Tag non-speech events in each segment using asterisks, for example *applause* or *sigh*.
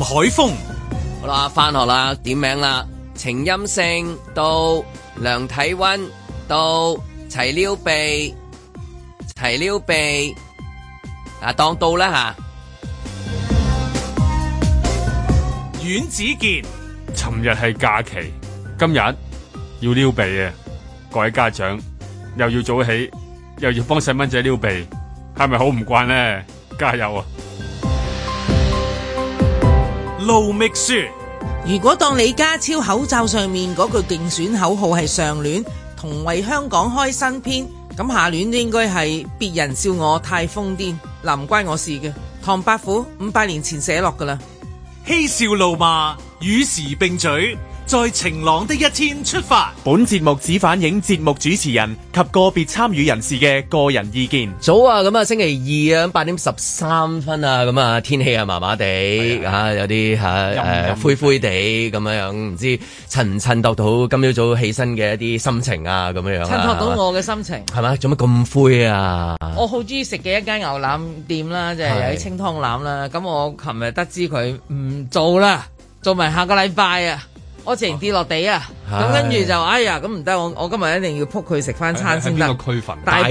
海峰，好啦，返學啦，點名啦，呈陰性到，溫到，量體溫到，齊撩鼻，齊撩鼻，啊，當到啦吓，阮、啊、子健，尋日係假期，今日要撩鼻啊，各位家長又要早起，又要幫細蚊仔撩鼻，係咪好唔慣呢？加油啊！盧覓雪，如果當李家超口罩上面嗰句競選口號係上聯，同為香港開新篇，咁下聯都應該係別人笑我太瘋癲，嗱，唔關我事嘅。唐伯虎五百年前寫落噶啦，嬉笑怒罵與時並舉。在晴朗的一天出發。本節目只反映節目主持人及個別參與人士嘅個人意見。早啊，咁啊，星期二啊，八點十三分啊，咁啊，天氣啊，麻麻地吓，有啲吓誒灰灰地咁樣樣，唔知襯唔襯托到今朝早起身嘅一啲心情啊，咁樣樣襯托到吧我嘅心情係咪？做乜咁灰啊？我好中意食嘅一間牛腩店啦，即係啲清湯腩啦。咁的是我琴日得知佢唔做啦，做埋下個禮拜啊。我直情跌落地啊！咁跟住就哎呀，咁唔得，我我今日一定要撲佢食翻餐先得。大埔區，大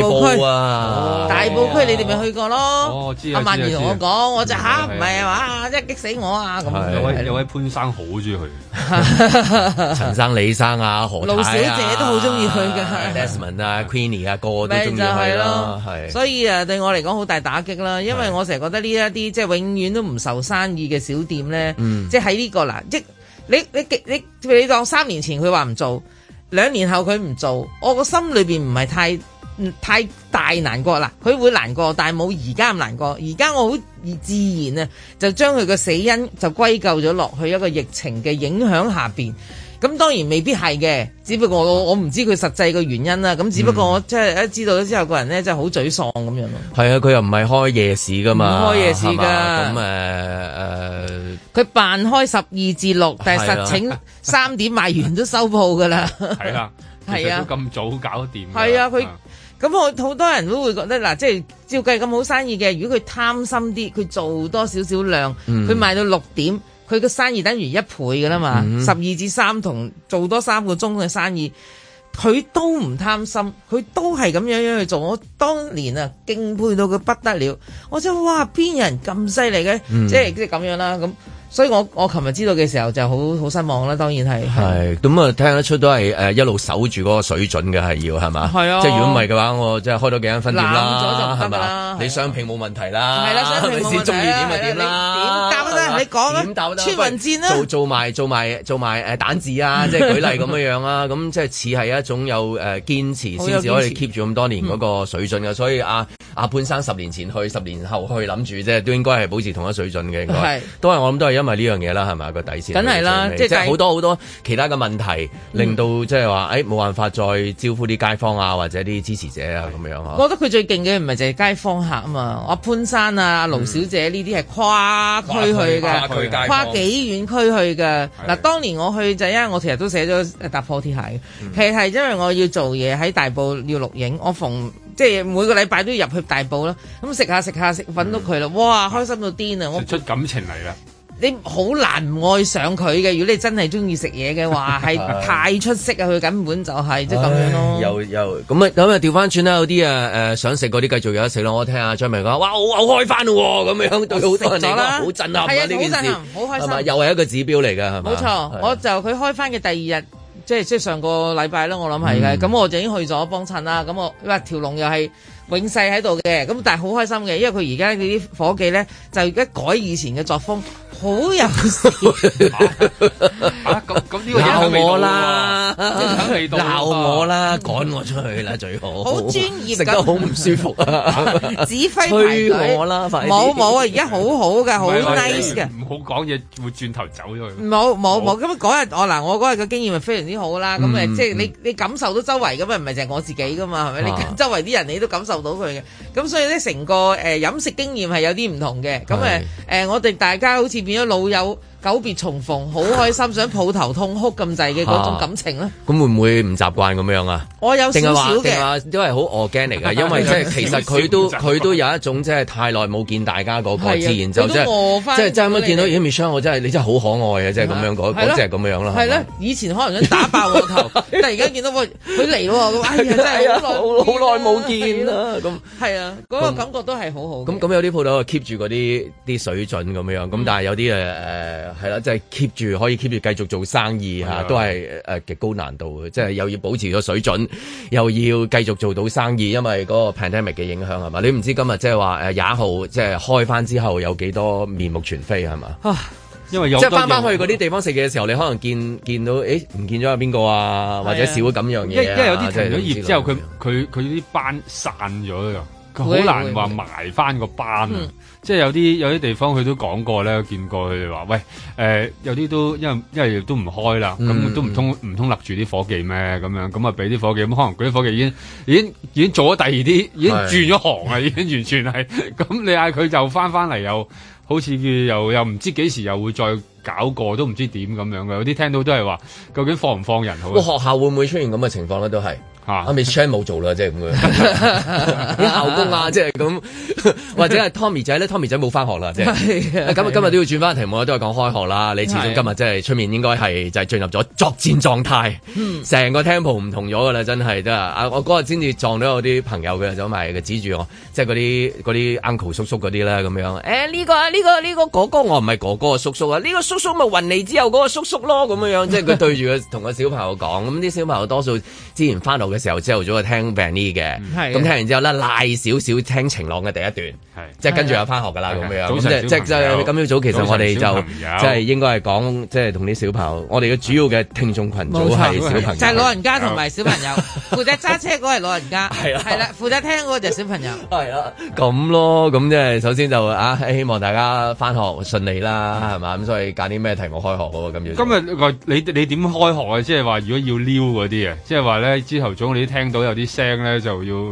埔區你哋咪去過咯。阿曼如同我講，我就吓，唔係啊嘛，真係激死我啊！咁有位有位潘生好中意去，陳生、李生啊，何路小姐都好中意去嘅。Nelson 啊，Queenie 啊，個個都中意去咯。所以啊，對我嚟講好大打擊啦，因為我成日覺得呢一啲即係永遠都唔受生意嘅小店咧，即係喺呢個嗱一。你你你你講三年前佢話唔做，兩年後佢唔做，我個心裏邊唔係太太大難過啦，佢會難過，但係冇而家咁難過。而家我好自然啊，就將佢個死因就歸咎咗落去一個疫情嘅影響下邊。咁當然未必係嘅，只不過我我唔知佢實際個原因啦。咁只不過我即係、嗯、一知道咗之後，個人咧真係好沮喪咁樣咯。係啊，佢又唔係開夜市噶嘛？唔開夜市㗎。咁誒誒，佢、呃、扮開十二至六，但係實情三點賣完都收鋪㗎啦。係啦，係啊，咁、 *laughs* *laughs* 啊、早搞掂。係啊，佢咁、啊啊、我好多人都會覺得嗱，即係照計咁好生意嘅，如果佢貪心啲，佢做多少少量，佢、嗯、賣到六點。佢嘅生意等於一倍嘅啦嘛，十二、嗯、至三同做多三個鐘嘅生意，佢都唔貪心，佢都係咁樣樣去做。我當年啊敬佩到佢不得了，我就係哇，邊有人咁犀利嘅？即係即係咁樣啦、啊、咁。嗯所以我我琴日知道嘅時候就好好失望啦，當然係。係咁啊，聽得出都係誒一路守住嗰個水準嘅係要係嘛？係啊，即係如果唔係嘅話，我即係開多幾間分店啦，係嘛？你商評冇問題啦，係啦，商評冇問題啦，你點答都得？你講啦，點答都得？做做埋做埋做埋誒蛋字啊！即係舉例咁樣樣啦，咁即係似係一種有誒堅持先至可以 keep 住咁多年嗰個水準嘅，所以阿阿潘生十年前去，十年後去諗住即係都應該係保持同一水準嘅，應該都係我諗都係咪呢樣嘢啦，係咪個，個底線？梗係啦，即係好多好多其他嘅問題，令到即係話誒，冇、就、辦、是嗯哎、法再招呼啲街坊啊，或者啲支持者啊，咁、嗯、樣嗬。我覺得佢最勁嘅唔係就係街坊客啊嘛，阿、啊、潘生啊、盧小姐呢啲係跨區去嘅，跨區街，跨幾遠區去嘅。嗱的，當年我去就因為我其實都寫咗踏破鐵鞋嘅，其實係因為我要做嘢喺大埔要錄影，我逢即係每個禮拜都要入去大埔啦，咁食下食下食，搵到佢啦，哇，開心到癲啊、嗯我！我出感情嚟啦。你好難唔愛上佢嘅，如果你真係中意食嘢嘅話，係太出色啊！佢根本就係、是、即係咁樣咯、啊。 *laughs* 又又咁啊咁啊，調翻轉啦！有啲啊誒想食嗰啲繼續有得食咯。我聽阿張明講，哇！我牛開翻咯咁樣，對好多人嚟講好震撼啊！呢、啊、件事係咪又係一個指標嚟㗎？冇錯，啊、我就佢開翻嘅第二日，即係即係上個禮拜啦。我諗係嘅。咁、嗯、我就已經去咗幫襯啦。咁我喂條龍又係永世喺度嘅。咁但係好開心嘅，因為佢而家嗰啲伙計咧就一改以前嘅作風。好呀！鬧我啦，鬧我啦，趕我出去啦最好。好專業，食得好唔舒服啊！指揮我啦，冇冇啊！而家好好嘅，好 nice 嘅。唔好講嘢，會轉頭走咗去。冇冇冇，咁嗰日我嗱，我嗰日嘅經驗係非常之好啦。咁誒，即係你你感受到周圍咁啊，唔係淨係我自己噶嘛，係咪？你周圍啲人你都感受到佢嘅，咁所以咧成個誒飲食經驗係有啲唔同嘅。咁誒誒，我哋大家好似。變咗老友。久別重逢，好開心，想抱頭痛哭咁滯嘅嗰種感情咧。咁會唔會唔習慣咁樣啊？我有少少嘅，因為好餓驚嚟嘅，因為即係其實佢都佢都有一種即係太耐冇見大家嗰個自然就即係即係啱啱見到 Michelle，我真係你真係好可愛啊，即係咁樣嗰嗰隻咁樣囉。係咯，以前可能想打爆個頭，但係而家見到佢嚟喎，哎呀，真係好耐冇見啦。咁係啊，嗰個感覺都係好好。咁有啲鋪頭就 keep 住嗰啲啲水準咁樣，咁但係有啲誒誒。係啦，即係 keep 住可以 keep 住繼續做生意吓，都係誒極高難度嘅，即係又要保持個水準，又要繼續做到生意，因為嗰個 pandemic 嘅影響係嘛？你唔知今日即係話誒廿號即係、就是、開翻之後有幾多面目全非係嘛？因為即係翻翻去嗰啲地方食嘅時候，你可能見見到誒唔、欸、見咗有邊個啊，或者少咗咁樣嘢、啊。因、啊啊、因為有啲停咗業之後，佢佢佢啲班散咗，佢好難話埋翻個班會。啊。嗯即係有啲有啲地方佢都講過咧，見過佢哋話，喂，誒、呃、有啲都因為因為都唔開啦，咁、嗯、都唔通唔通揦住啲夥計咩？咁樣咁啊，俾啲夥計，咁可能嗰啲夥計已經已經已經做咗第二啲，已經轉咗行啊，是 已經完全係，咁你嗌佢就翻翻嚟又，又好似又又唔知幾時又會再搞過都唔知點咁樣嘅，有啲聽到都係話究竟放唔放人好？哇！學校會唔會出現咁嘅情況咧？都係。啊！阿 Miss Chan 冇做啦，即係咁嘅校工啊，即係咁，或者係 *laughs* Tommy 仔咧，Tommy 仔冇翻學啦，即、就、係、是。咁啊，今日都要轉翻題目，都係講開學啦。你始終今日即係出面應該係就係、是、進入咗作戰狀態，成、嗯、個 tempo 唔同咗噶啦，真係，真係。啊，我嗰日先至撞到有啲朋友嘅，走埋嘅指住我，即係嗰啲嗰啲 uncle 叔叔嗰啲咧，咁樣。誒呢個呢個呢個哥哥，我唔係哥哥啊，叔叔啊，呢、這個叔叔咪雲嚟之後嗰個叔叔咯，咁樣。即係佢對住佢同個小朋友講，咁啲小朋友多數之前翻到嘅時候，朝頭早啊，聽 Benny 嘅，咁聽完之後咧，賴少少聽晴朗嘅第一段，即係跟住又翻學噶啦咁樣，即即即咁朝早其實我哋就即係應該係講即係同啲小朋友，我哋嘅主要嘅聽眾群組係小朋友，就係老人家同埋小朋友，負責揸車嗰係老人家，係啦，係啦，負責聽嗰就小朋友，係啦，咁咯，咁即係首先就啊，希望大家翻學順利啦，係嘛，咁所以揀啲咩題目開學喎咁樣。今日你你點開學啊？即係話如果要撩嗰啲啊，即係話咧之後如果你聽到有啲聲咧，就要要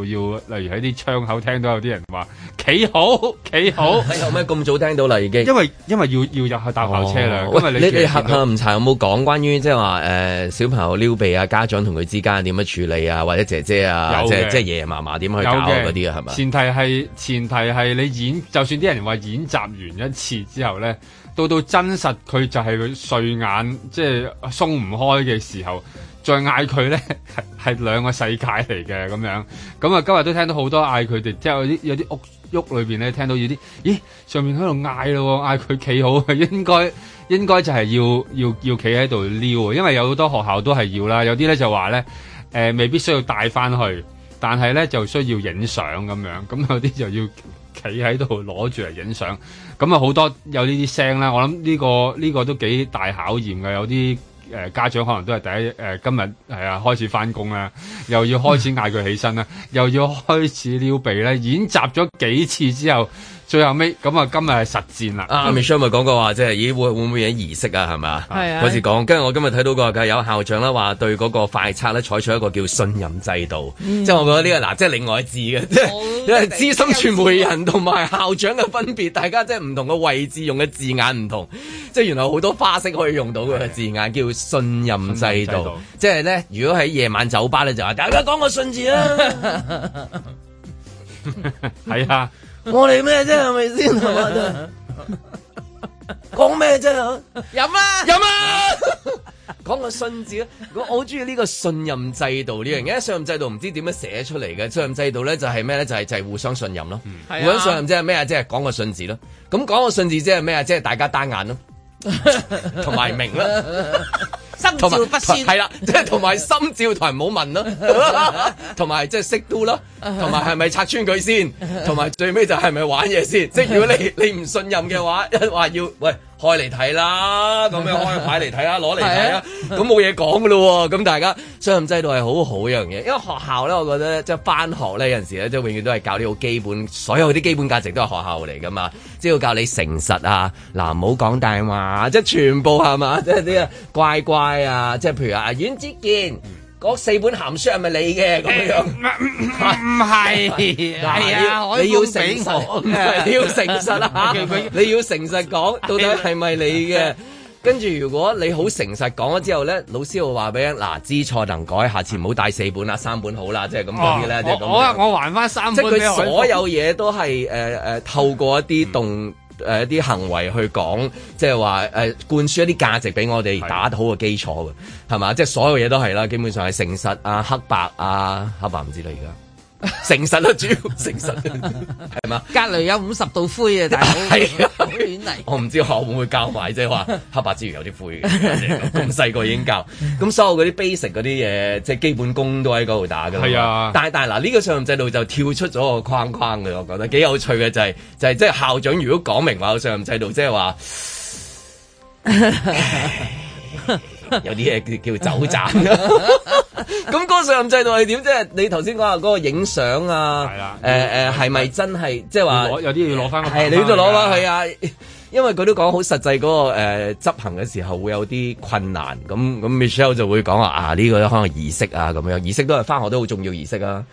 例如喺啲窗口聽到有啲人話企好，企好，你有咩咁早聽到啦？已經，因為因為要要入去搭校車啦。哦、你喂你阿唔查有冇講關於即係話誒小朋友撩鼻啊？家長同佢之間點樣處理啊？或者姐姐啊，的或者即即爺爺嫲嫲點去教嗰啲啊？係嘛？前提係前提係你演，就算啲人話演習完一次之後咧，到到真實佢就係佢睡眼即係松唔開嘅時候。再嗌佢咧，係係兩個世界嚟嘅咁樣。咁啊，今日都聽到好多嗌佢哋，即係有啲有啲屋屋裏邊咧，面聽到有啲，咦，上面喺度嗌咯，嗌佢企好，應該應該就係要要要企喺度撩，因為有好多學校都係要啦，有啲咧就話咧，誒、呃、未必需要帶翻去，但係咧就需要影相咁樣。咁有啲就要企喺度攞住嚟影相。咁啊，好多有呢啲聲啦，我諗呢個呢個都幾大考驗嘅，有啲。誒、呃、家長可能都係第一誒、呃，今日係啊開始翻工啦，又要開始嗌佢起身啦， *laughs* 又要開始撩鼻咧，演習咗幾次之後。最後尾，咁啊，今日係實戰啦。阿 Michelle 咪講過話，即係咦會會唔會有儀式啊？係咪，開始講。跟住我今日睇到個有校長啦，話對嗰個快測咧採取一個叫信任制度。即係我覺得呢個嗱，即係另外一字嘅，即係因為資深傳媒人同埋校長嘅分別，大家即係唔同嘅位置用嘅字眼唔同。即係原來好多花式可以用到嘅字眼，叫信任制度。即係咧，如果喺夜晚酒吧咧，就話大家講個信字啦。係啊。我哋咩啫係咪先？講咩啫？飲 *noise* 啦，樂，飲啦。講個信字咯，如果我我好中意呢個信任制度呢樣嘢。信任制度唔知點樣寫出嚟嘅？信任制度咧就係咩咧？就係就係互相信任咯。互相信任即係咩啊？即係講個信字咯。咁講個信字即係咩啊？即係、就是、大家單眼咯，同埋明咯。 *laughs* 心照不宣，係啦，即係同埋心照台唔好問咯、啊，同埋即係識 do 咯，同埋係咪拆穿佢先，同埋最尾就係咪玩嘢先，即係如果你你唔信任嘅話，話 *laughs* 要喂。開嚟睇啦，咁又開牌嚟睇啦，攞嚟睇啦，咁冇嘢講噶咯喎，咁大家信任制度係好好一樣嘢，因為學校咧，我覺得即係返學咧，有陣時咧，即係永遠都係教啲好基本，所有啲基本價值都係學校嚟噶嘛，即係教你誠實啊，嗱、啊，唔好講大話，即係全部係嘛， *laughs* 即係啲啊乖乖啊，即係譬如啊，阮之健。嗰四本鹹書係咪你嘅咁樣？唔係，嗱你要誠實，你要誠實啦，你要誠實講，到底係咪你嘅？跟住如果你好誠實講咗之後咧，老師會話俾你：嗱，知錯能改，下次唔好帶四本啊，三本好啦，即係咁講啦，即係咁。我我還翻三本。即係佢所有嘢都係誒誒透過一啲動。誒、呃、一啲行為去講，即係話誒灌輸一啲價值俾我哋打好嘅基礎嘅，係嘛的？即係、就是、所有嘢都係啦，基本上係誠實啊、黑白啊，黑白唔知啦而家。 *laughs* 誠實咯、啊，主要誠實係、啊、嘛？隔籬有五十度灰但 *laughs* 啊，大佬係好遠嚟。我唔知我會唔會教埋，即係話黑白之馀有啲灰嘅，咁細個已經教。咁所有嗰啲 basic 嗰啲嘢，即係基本功都喺嗰度打㗎。係啊。但係但係嗱，呢、這個信任制度就跳出咗個框框嘅。我覺得幾有趣嘅就係、是、就係，即係校長如果講明話個信任制度，即係話。有啲嘢叫叫走盞，咁嗰個上任制度係點？即係你頭先講話嗰個影相啊，誒誒，係 *noise* 咪、呃呃、真係 *noise* 即係話？ *noise* 有啲要攞翻個棒棒、哎，係你都攞翻去啊？ *noise* 因為佢都講好實際，那個，嗰個誒執行嘅時候會有啲困難。咁咁 Michelle 就會講話啊，呢、這個可能儀式啊咁樣，儀式都係翻學都好重要儀式啊。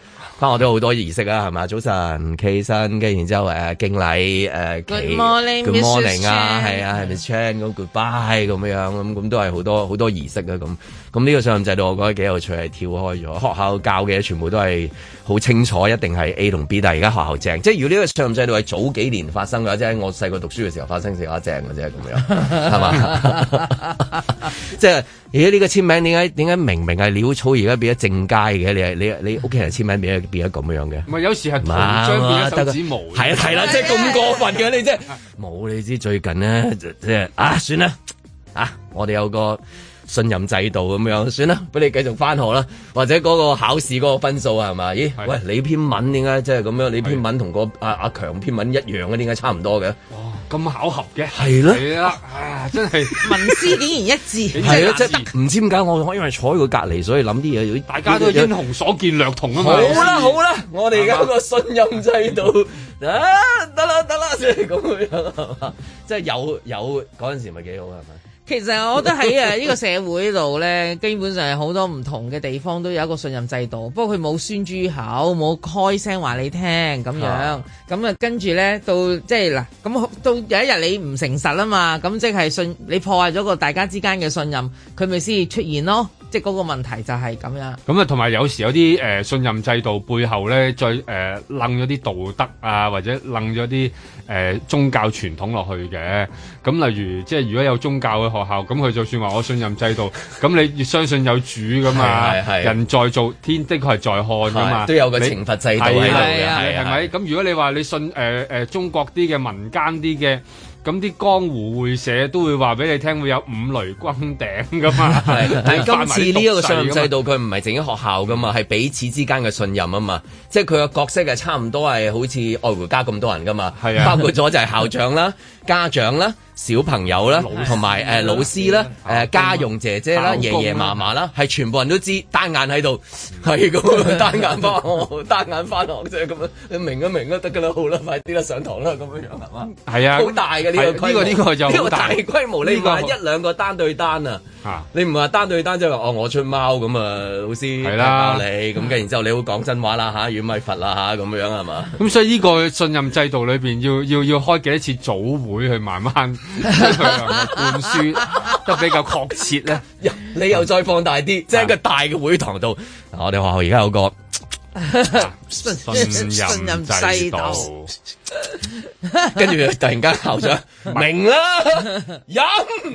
翻我都好多儀式啊，係嘛？早晨起身，跟然之後誒、啊、敬禮誒、good morning 啊，係啊，係咪 change goodbye 咁樣，咁咁都係好多好多儀式啊。咁咁呢個上任制度我覺得幾有趣，係跳開咗學校教嘅，全部都係好清楚，一定係 A 同 B，但係而家學校正，即係如果呢個上任制度係早幾年發生嘅話，即係我細個讀書嘅時候發生嘅話正嘅啫，咁樣係嘛？即係。而家呢個簽名點解點解明明係潦草，而家變咗正楷嘅？你係你你屋企人簽名變咗變咗咁樣嘅？唔係有時係塗張變咗手指毛。係啊係啦，即係咁過分嘅，你即係冇你知最近咧即係啊算啦，啊我哋有個信任制度咁樣算啦，俾你繼續返學啦，或者嗰個考試嗰個分數啊係嘛？咦喂，你篇文點解即係咁樣？你篇文同個阿阿強篇文一樣嘅，點解差唔多嘅？咁巧合嘅？係咧，係啦，啊，真係文思竟然一致，係咯，即係唔知點解，我因為坐喺佢隔籬，所以諗啲嘢，大家都英雄所見略同啊嘛。好啦好啦，我哋而家個信任制度，啊，得啦得啦，即係咁樣，係嘛，即係有有嗰陣時咪幾好，係咪？ *laughs* 其實我覺得喺啊呢個社會度呢，基本上係好多唔同嘅地方都有一個信任制度，不過佢冇宣諸口，冇開聲話你聽咁樣，咁啊、 *laughs* 嗯嗯、跟住呢，到即係嗱，咁到有一日你唔誠實啊嘛，咁即係信你破壞咗個大家之間嘅信任，佢咪先出現咯。即係嗰個問題就係咁樣。咁啊，同埋有時有啲誒、呃、信任制度背後咧，再誒掟咗啲道德啊，或者掟咗啲誒宗教傳統落去嘅。咁例如，即係如果有宗教嘅學校，咁佢就算話我信任制度，咁 *laughs* 你要相信有主噶嘛， *laughs* 係係係係人在做，天的確係在看噶嘛、啊，都有個懲罰制度喺度嘅，係咪？咁如果你話你信誒誒、呃呃、中國啲嘅民間啲嘅。咁啲江湖會社都會話俾你聽會有五雷轟頂噶嘛，係。 *laughs* *laughs* 但係今次呢一個信任制度，佢唔係淨係學校噶嘛，係 *laughs* 彼此之間嘅信任啊嘛。即係佢個角色係差唔多係好似愛回家咁多人噶嘛，係是啊，包括咗就係校長啦。 *laughs* *laughs* 家長啦、小朋友啦、同埋誒老師啦、誒家傭姐姐啦、爺爺嫲嫲啦，係全部人都知單眼喺度，係咁單眼返學，單眼返學即係咁樣，你明一明都得噶啦，好啦，快啲啦上堂啦咁樣樣係嘛？係啊，好大嘅呢個呢個呢個就好大規模。呢個一兩個單對單啊，你唔話單對單即係話哦，我出貓咁啊，老師打爆你咁，跟然之後你會講真話啦吓，冤咪佛啦吓，咁樣樣係嘛？咁所以呢個信任制度裏邊要要要開幾多次組？會去慢慢去灌輸，都比較確切咧。 *laughs* 你又再放大啲，嗯、即係一個大嘅會堂度。我哋學校而家有個信任制度，跟住突然間校長明啦，有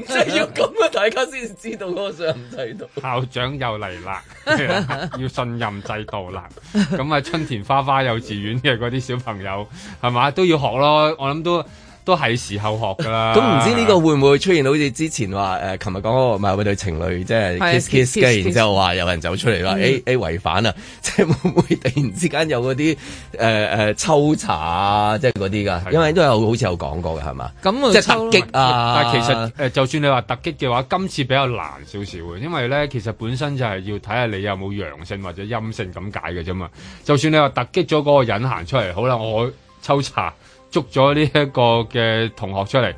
即係要咁啊，大家先知道嗰個信任制度。校長又嚟啦， *laughs* 要信任制度啦。咁啊，春田花花幼稚園嘅嗰啲小朋友係嘛都要學咯。我諗都。都係時候學㗎啦、嗯。咁、嗯、唔知呢個會唔會出現好似之前話誒，琴日講嗰個咪嗰對情侶即係 kiss kiss 嘅，kiss kiss，然之後話有人走出嚟話 A A 違反啊，即係會唔會突然之間有嗰啲誒誒抽查啊，即係嗰啲㗎？因為都有好似有講過嘅係嘛？咁啊，即係突擊啊！但係其實誒，就算你話突擊嘅話，今次比較難少少嘅，因為咧其實本身就係要睇下你有冇陽性或者陰性咁解嘅啫嘛。就算你話突擊咗嗰個人行出嚟，好啦，我抽查。捉咗呢一個嘅同學出嚟，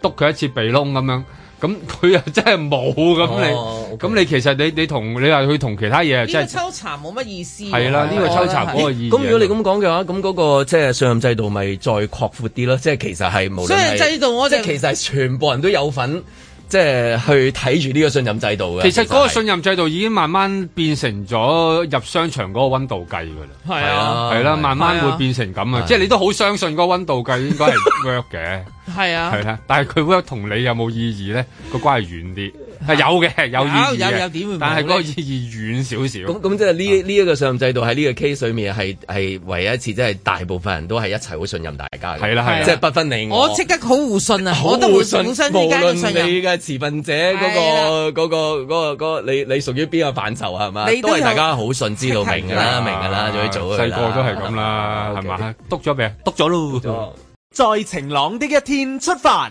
督佢一次鼻窿咁樣，咁佢又真係冇咁你，咁你其實你你同你話去同其他嘢，即係抽查冇乜意思。係啦，呢個抽查冇乜意思。咁如果你咁講嘅話，咁嗰個即係信任制度咪再擴闊啲咯？即係其實係無論信任制度，我哋其實係全部人都有份。即係去睇住呢個信任制度嘅，其實嗰個信任制度已經慢慢變成咗入商場嗰個溫度計噶啦，係啊，係啦，慢慢會變成咁啊，即係你都好相信嗰個溫度計應該係 work 嘅，係 *laughs* 啊，係啦、啊啊，但係佢 work 同你有冇意義咧？個關係遠啲。係有嘅，有遠啲，但係個意義遠少少。咁咁即係呢呢一個信任制度喺呢個 case 裡面係係唯一一次，即係大部分人都係一齊好信任大家嘅。係啦，係即係不分你我。即刻好互信啊！我好互信，無論你嘅持份者嗰個嗰個你你屬於邊個範疇啊？係嘛？都係大家好信，知道明噶啦，明噶啦，做一做。細個都係咁啦，係嘛？篤咗未啊？篤咗咯，在晴朗的一天出發。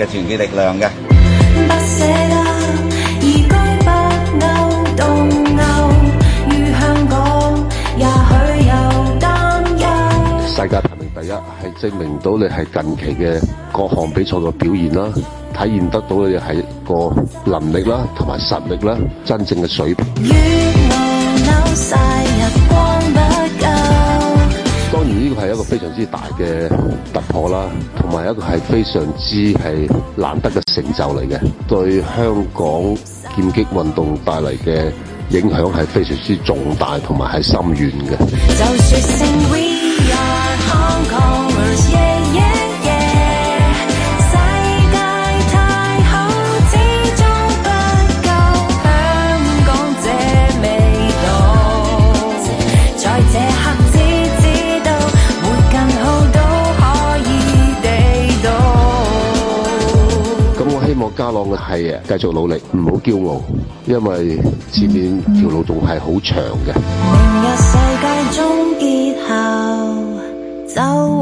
嘅團結力量嘅。世界排名第一係證明到你係近期嘅各項比賽嘅表現啦，體現得到你係個能力啦，同埋實力啦，真正嘅水平。係一個非常之大嘅突破啦，同埋一個係非常之係難得嘅成就嚟嘅，對香港劍擊運動帶嚟嘅影響係非常之重大，同埋係深遠嘅。 *music* 家朗嘅係啊，繼續努力，唔好驕傲，因為前面條路仲係好長嘅。明日世界終結後，走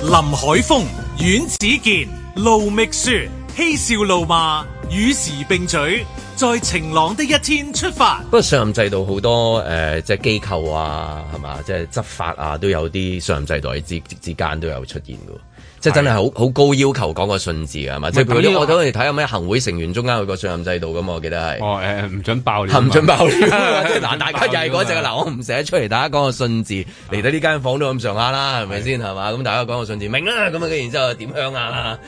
林海峰。阮子健、盧覓雪嬉笑怒罵，與時並舉。在晴朗的一天出發。不過上任制度好多誒、呃，即係機構啊，係嘛，即係執法啊，都有啲上任制度喺之之間都有出現嘅。即係真係好好高要求講個信字係嘛，即係佢如啲我睇下咩行會成員中間有個信任制度咁，我記得係唔准爆料，唔准爆料，即係難大家又係嗰隻嗱，我唔寫出嚟，大家講個信字嚟到呢間房都咁上下啦，係咪先係嘛？咁大家講個信字明啦，咁啊，然之後點香啊？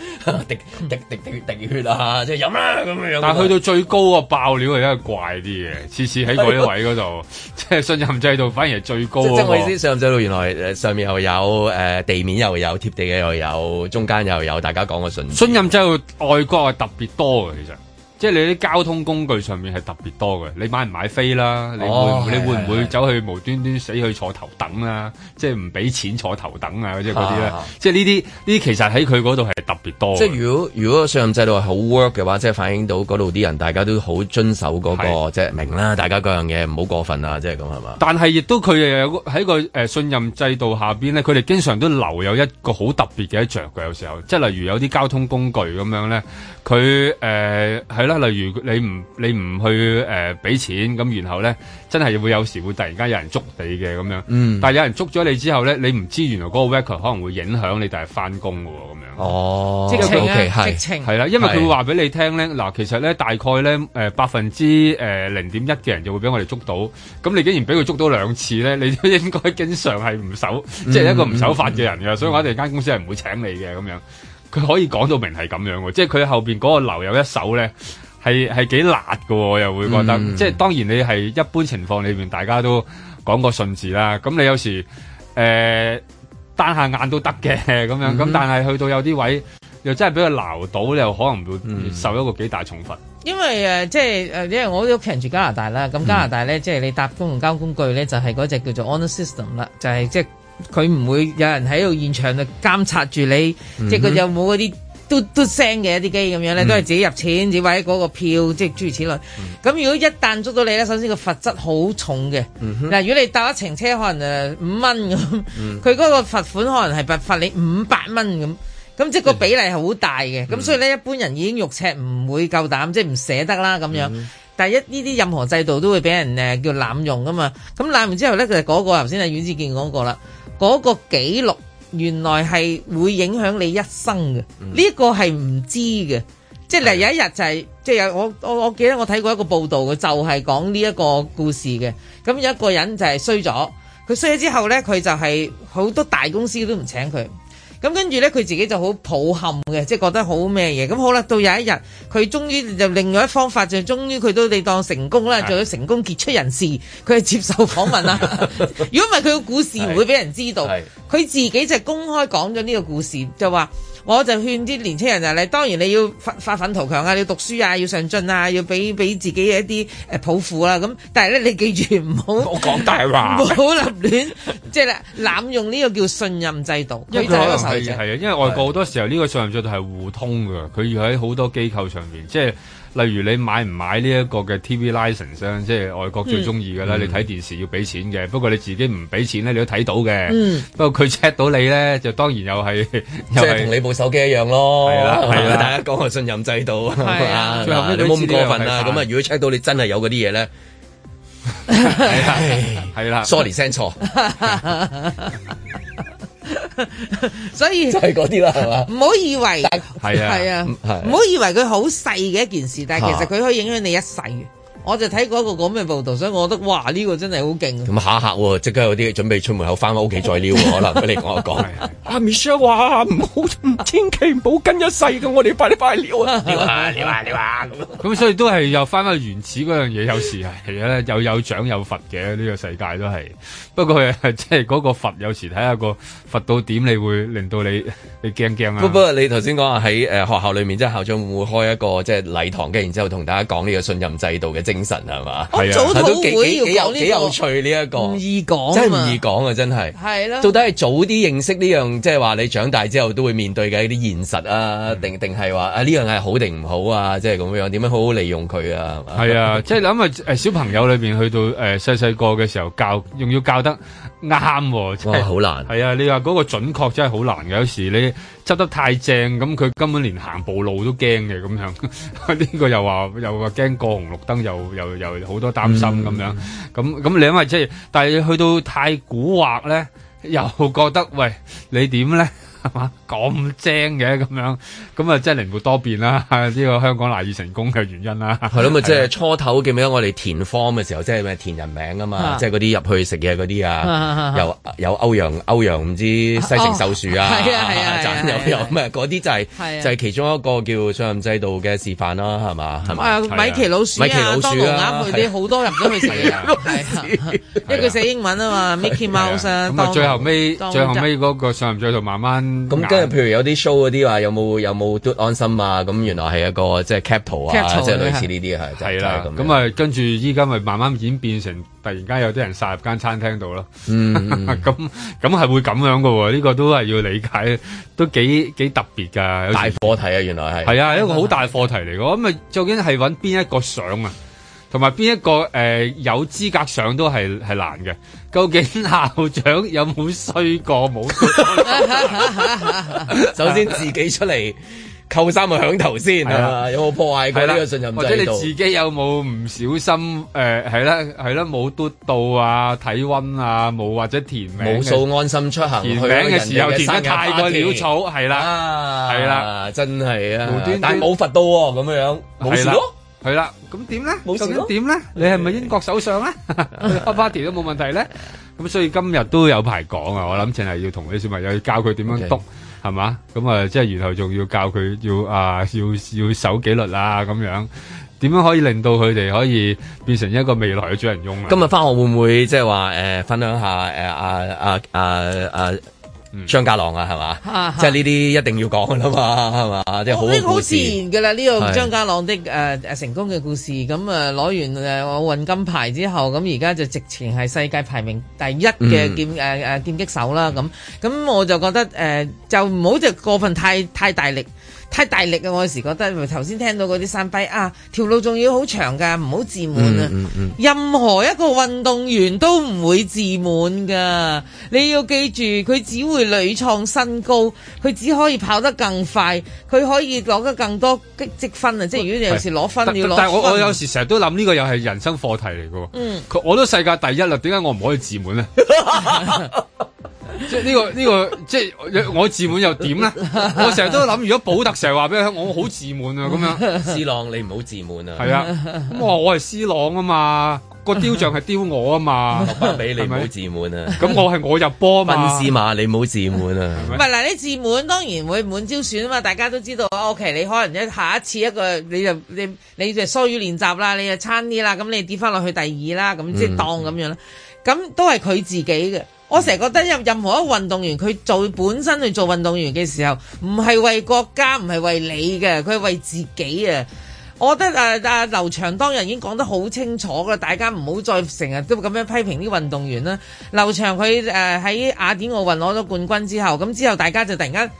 滴滴滴血啊！即係飲啦咁樣，但係去到最高個爆料係真係怪啲嘅，次次喺嗰啲位嗰度即係信任制度反而係最高。即係我意思信任制度，原來上面又有誒，地面又有貼地嘅又有。中間又有大家講個信任，信任真係外國係特別多嘅，其實。即係你啲交通工具上面係特別多嘅，你買唔買飛啦？你會唔會走去無端端死去坐頭等啊？是是是即係唔俾錢坐頭等啊？即嗰啲咧？即係呢啲呢？啲是其實喺佢嗰度係特別多。即係如果如果信任制度係好 work 嘅話，即係反映到嗰度啲人大家都好遵守嗰、嗰個是是即係明啦，大家嗰樣嘢唔好過分啊，即係咁係嘛？但係亦都佢喺個誒信任制度下邊咧，佢哋經常都留有一個好特別嘅一着嘅，有時候即係例如有啲交通工具咁樣咧，佢誒喺。例如你唔你唔去誒，俾、呃、錢咁，然後咧真係會有時會突然間有人捉你嘅咁樣。嗯、但係有人捉咗你之後咧，你唔知原來嗰個 record 可能會影響你第日翻工嘅喎，咁樣。哦，即情係、啊、啦，因為佢會話俾你聽咧，嗱，其實咧大概咧誒百分之誒零點一嘅人就會俾我哋捉到。咁你竟然俾佢捉到兩次咧，你都應該經常係唔守，即係、嗯、一個唔守法嘅人嘅，嗯嗯、所以我哋間公司係唔會請你嘅咁樣。佢可以講到明係咁樣嘅，即係佢後邊嗰個留有一手咧，係係幾辣㗎，我又會覺得，嗯、即係當然你係一般情況裏邊大家都講個順字啦。咁你有時誒、呃、單下眼都得嘅咁樣，咁、嗯、哼但係去到有啲位又真係畀佢留到，你又可能會受一個幾大重罰。嗯嗯、因為誒、呃、即係誒，因、呃、為我屋企人住加拿大啦，咁加拿大咧、嗯、即係你搭公共交通工具咧就係嗰隻叫做 honour system 啦、就是，就係、是、即係。佢唔會有人喺度現場就監察住你，即係佢有冇嗰啲嘟嘟聲嘅一啲機咁樣咧，都係自己入錢，自己買咗嗰個票，即係諸如此類。咁如果一旦捉到你咧，首先個罰則好重嘅。嗱，如果你搭一程車可能誒五蚊咁，佢嗰個罰款可能係罰罰你五百蚊咁，咁即係個比例係好大嘅。咁所以咧，一般人已經肉赤唔會夠膽，即係唔捨得啦咁樣。但係一呢啲任何制度都會俾人誒叫濫用噶嘛。咁濫完之後咧，佢嗰個頭先阿阮子健講過啦。嗰個記錄原來係會影響你一生嘅，呢、嗯、個係唔知嘅。嗯、即係例如有一日就係、是，即係是的 有我我我記得我睇過一個報道嘅，就係、是、講呢一個故事嘅。咁有一個人就係衰咗，佢衰咗之後呢，佢就係、是、好多大公司都唔請佢。咁跟住呢，佢自己就好抱憾嘅，即係覺得好咩嘢。咁好啦，到有一日，佢終於就另外一方法，就終於佢都你當成功啦，是的 做咗成功傑出人士，佢係接受訪問啦。如果唔係，佢個故事唔會俾人知道。佢是的 自己就公開講咗呢個故事，就話。我就勸啲年輕人，就係當然你要發發奮圖強啊，你要讀書啊，要上進啊，要俾俾自己一啲誒抱負啦。咁但係咧，你記住唔好我講大話，唔好立亂，即係濫用呢個叫信任制度，因為係啊，係啊，因為外國好多時候呢個信任制度係互通嘅，佢要喺好多機構上面，即係。例如你買唔買呢一個嘅 TV license，即係外國最中意嘅咧，你睇電視要俾錢嘅，不過你自己唔俾錢咧，你都睇到嘅。不過佢 check 到你咧，就當然又係又係同你部手機一樣咯。係啦，大家講個信任制度。係啊，最後你冇咁過分啦。咁啊，如果 check 到你真係有嗰啲嘢咧，係啦，sorry，send 錯。 *laughs* 所以就係嗰啲啦，係嘛？唔好以為係但啊，係啊，唔好、啊啊、以為佢好細嘅一件事，但係其實佢可以影響你一世。我就睇過一個講嘅報道，所以我覺得哇呢個真係好勁。咁下一刻喎、啊，即刻有啲準備出門口翻返屋企再撩、啊，可能畀你講我講。阿 Michelle 話唔好，千祈唔好跟一世嘅，我哋快啲快啲撩啊！撩啊！撩啊！撩啊！咁、啊、 *laughs* 所以都係又翻返原始嗰樣嘢，有時係又有獎有罰嘅呢個世界都係。不過即係嗰個罰有時睇下個罰到點，你會令到你你驚驚啊！不過你頭先講話喺誒學校裏面，即係校長會開一個即係禮堂嘅，然之後同大家講呢個信任制度嘅精神係嘛？我早都會要早啲、這個，有趣呢一個，唔易講，真係唔易講啊！真係係咯，的到底係早啲認識呢樣，即係話你長大之後都會面對嘅啲現實啊？定定係話啊呢樣係好定唔好啊？即係咁樣，點樣好好利用佢啊？係啊，即係諗啊，誒，小朋友裏邊去到誒細細個嘅時候教，仲要教得啱喎，真係，哇，好難！係啊，你話嗰個準確真係好難嘅，有時你。執得太正，咁佢根本連行步路都驚嘅咁樣，呢個又話又話驚過紅綠燈，又又又好多擔心咁樣，咁咁你因為即係，但係去到太古惑咧，又覺得喂你點咧？係嘛，咁精嘅咁樣，咁啊真係靈活多變啦！呢個香港難以成功嘅原因啦，係咯，咪即係初頭，記唔記得我哋填 form 嘅時候，即係咩填人名啊嘛？即係嗰啲入去食嘢嗰啲啊，有有歐陽歐陽唔知西城秀樹啊，賺有咩？唔係嗰啲就係就係其中一個叫上任制度嘅示範啦，係嘛？咪？米奇老鼠啊，當龍眼佢哋好多人都去食嘢，因為佢寫英文啊嘛，Mickey Mouse。咁最後尾，最後尾嗰個上任制度慢慢。咁跟住，譬如有啲 show 嗰啲話，有冇有冇都安心啊？咁原來係一個即係 cap 圖啊，即係類似呢啲係。係啦，咁啊，跟住依家咪慢慢演變成，突然間有啲人殺入間餐廳度咯。咁咁係會咁樣嘅喎，呢個都係要理解，都幾幾特別㗎。大課題啊，原來係。係啊，一個好大課題嚟嘅，咁啊，究竟係揾邊一個相啊？同埋邊一個誒有資格上都係係難嘅，究竟校長有冇衰過冇？首先自己出嚟，扣三個響頭先，有冇破壞佢呢個信任度？或者你自己有冇唔小心？誒，係啦係啦，冇嘟到啊，體溫啊，冇或者填名冇數安心出行，填名嘅時候填得太過潦草，係啦係啦，真係啊！無端端，但係冇罰到喎，咁樣樣冇事咯。係啦，咁點咧？究竟點咧？你係咪英國首相咧？Party 都冇問題咧？咁所以今日都有排講啊！我諗淨係要同啲小朋友教佢點樣讀，係嘛？咁啊，即係然後仲要教佢要啊，要要守紀律啦，咁樣點樣可以令到佢哋可以變成一個未來嘅主人翁？今日翻學會唔會即係話誒，分享下誒啊啊啊啊！張家朗啊，係嘛？啊、即係呢啲一定要講噶啦嘛，係嘛？即係好好自然噶啦，呢、這個張家朗的誒誒是、呃、成功嘅故事。咁、嗯、啊，攞完誒奧運金牌之後，咁而家就直情係世界排名第一嘅劍誒誒劍擊手啦。咁、嗯、咁、嗯嗯、我就覺得誒、呃，就唔好就過分太太大力。太大力啊！我有時覺得，頭先聽到嗰啲山輝啊，條路仲要好長噶，唔好自滿啊！嗯嗯嗯、任何一個運動員都唔會自滿噶，你要記住，佢只會屢創新高，佢只可以跑得更快，佢可以攞得更多積積分啊！我即係如果你有時攞分但要攞，但係我我有時成日都諗呢個又係人生課題嚟噶，嗯，我都世界第一啦，點解我唔可以自滿呢？ *laughs* *laughs* 即係呢個呢、呢個，即係我自滿又點咧？我成日都諗，如果保特成日話俾我，我好自滿啊咁樣。啊啊哦、斯朗，你唔好自滿啊！係啊，咁我我係斯朗啊嘛，個雕像係雕我啊嘛。羅班比，你唔好自滿啊！咁我係我入波嘛。奔斯馬，你唔好自滿啊！唔係嗱，你自滿當然會滿招損啊嘛！大家都知道，OK，你可能一下一次一個，你就你你就疏於練習啦，你就差啲啦，咁你跌翻落去第二啦，咁即係當咁樣啦。咁、嗯嗯、都係佢自己嘅。我成日覺得任任何一個運動員，佢做本身去做運動員嘅時候，唔係為國家，唔係為你嘅，佢係為自己啊！我覺得誒阿、呃呃、劉翔當日已經講得好清楚㗎啦，大家唔好再成日都咁樣批評啲運動員啦。劉翔佢誒喺雅典奧運攞咗冠軍之後，咁之後大家就突然間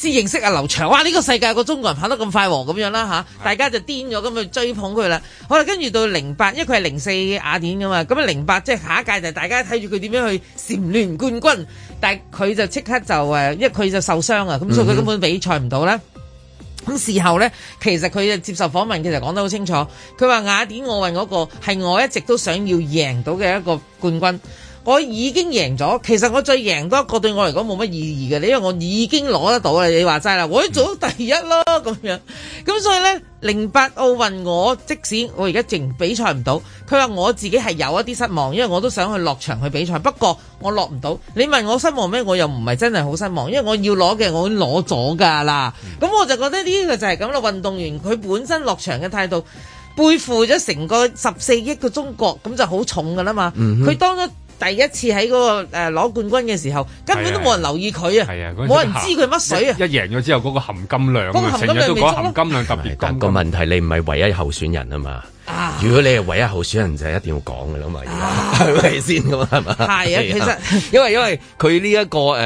先認識阿劉翔，哇！呢、這個世界個中國人跑得咁快，哦，王咁樣啦嚇，大家就癲咗咁去追捧佢啦。好啦，跟住到零八，因為佢係零四雅典噶嘛，咁啊零八即係下一屆就係大家睇住佢點樣去蟬聯冠軍，但係佢就即刻就誒，因為佢就受傷啊，咁所以佢根本比賽唔到啦。咁、mm hmm. 事後呢，其實佢就接受訪問，其實講得好清楚，佢話雅典奧運嗰個係我一直都想要贏到嘅一個冠軍。我已經贏咗，其實我再贏多一個對我嚟講冇乜意義嘅，你因為我已經攞得到啦。你話齋啦，我都做到第一咯咁樣。咁所以呢，零八奧運我即使我而家淨比賽唔到，佢話我自己係有一啲失望，因為我都想去落場去比賽，不過我落唔到。你問我失望咩？我又唔係真係好失望，因為我要攞嘅我已經攞咗㗎啦。咁、嗯、我就覺得呢個就係咁啦。運動員佢本身落場嘅態度，背負咗成個十四億嘅中國，咁就好重㗎啦嘛。佢、嗯、哼當咗。第一次喺嗰個誒攞冠軍嘅時候，根本都冇人留意佢啊！係啊！冇人知佢乜水啊！一贏咗之後，嗰個含金量，含金量，含金量啊，特別高。但個問題，你唔係唯一候選人啊嘛。如果你係唯一候選人就係一定要講㗎啦嘛，係咪先咁啊？係啊，其實因為因為佢呢一個誒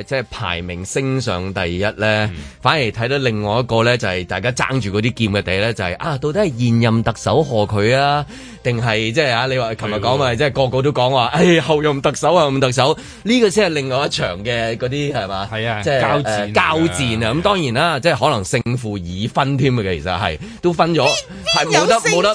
誒即係排名升上第一咧，反而睇到另外一個咧就係大家爭住嗰啲劍嘅地咧就係啊，到底係現任特首何佢啊，定係即係啊？你話琴日講咪即係個個都講話，誒後任特首啊，後任特首呢個先係另外一場嘅嗰啲係嘛？係啊，即係交戰交戰啊！咁當然啦，即係可能勝負已分添嘅，其實係都分咗，係冇得冇得。係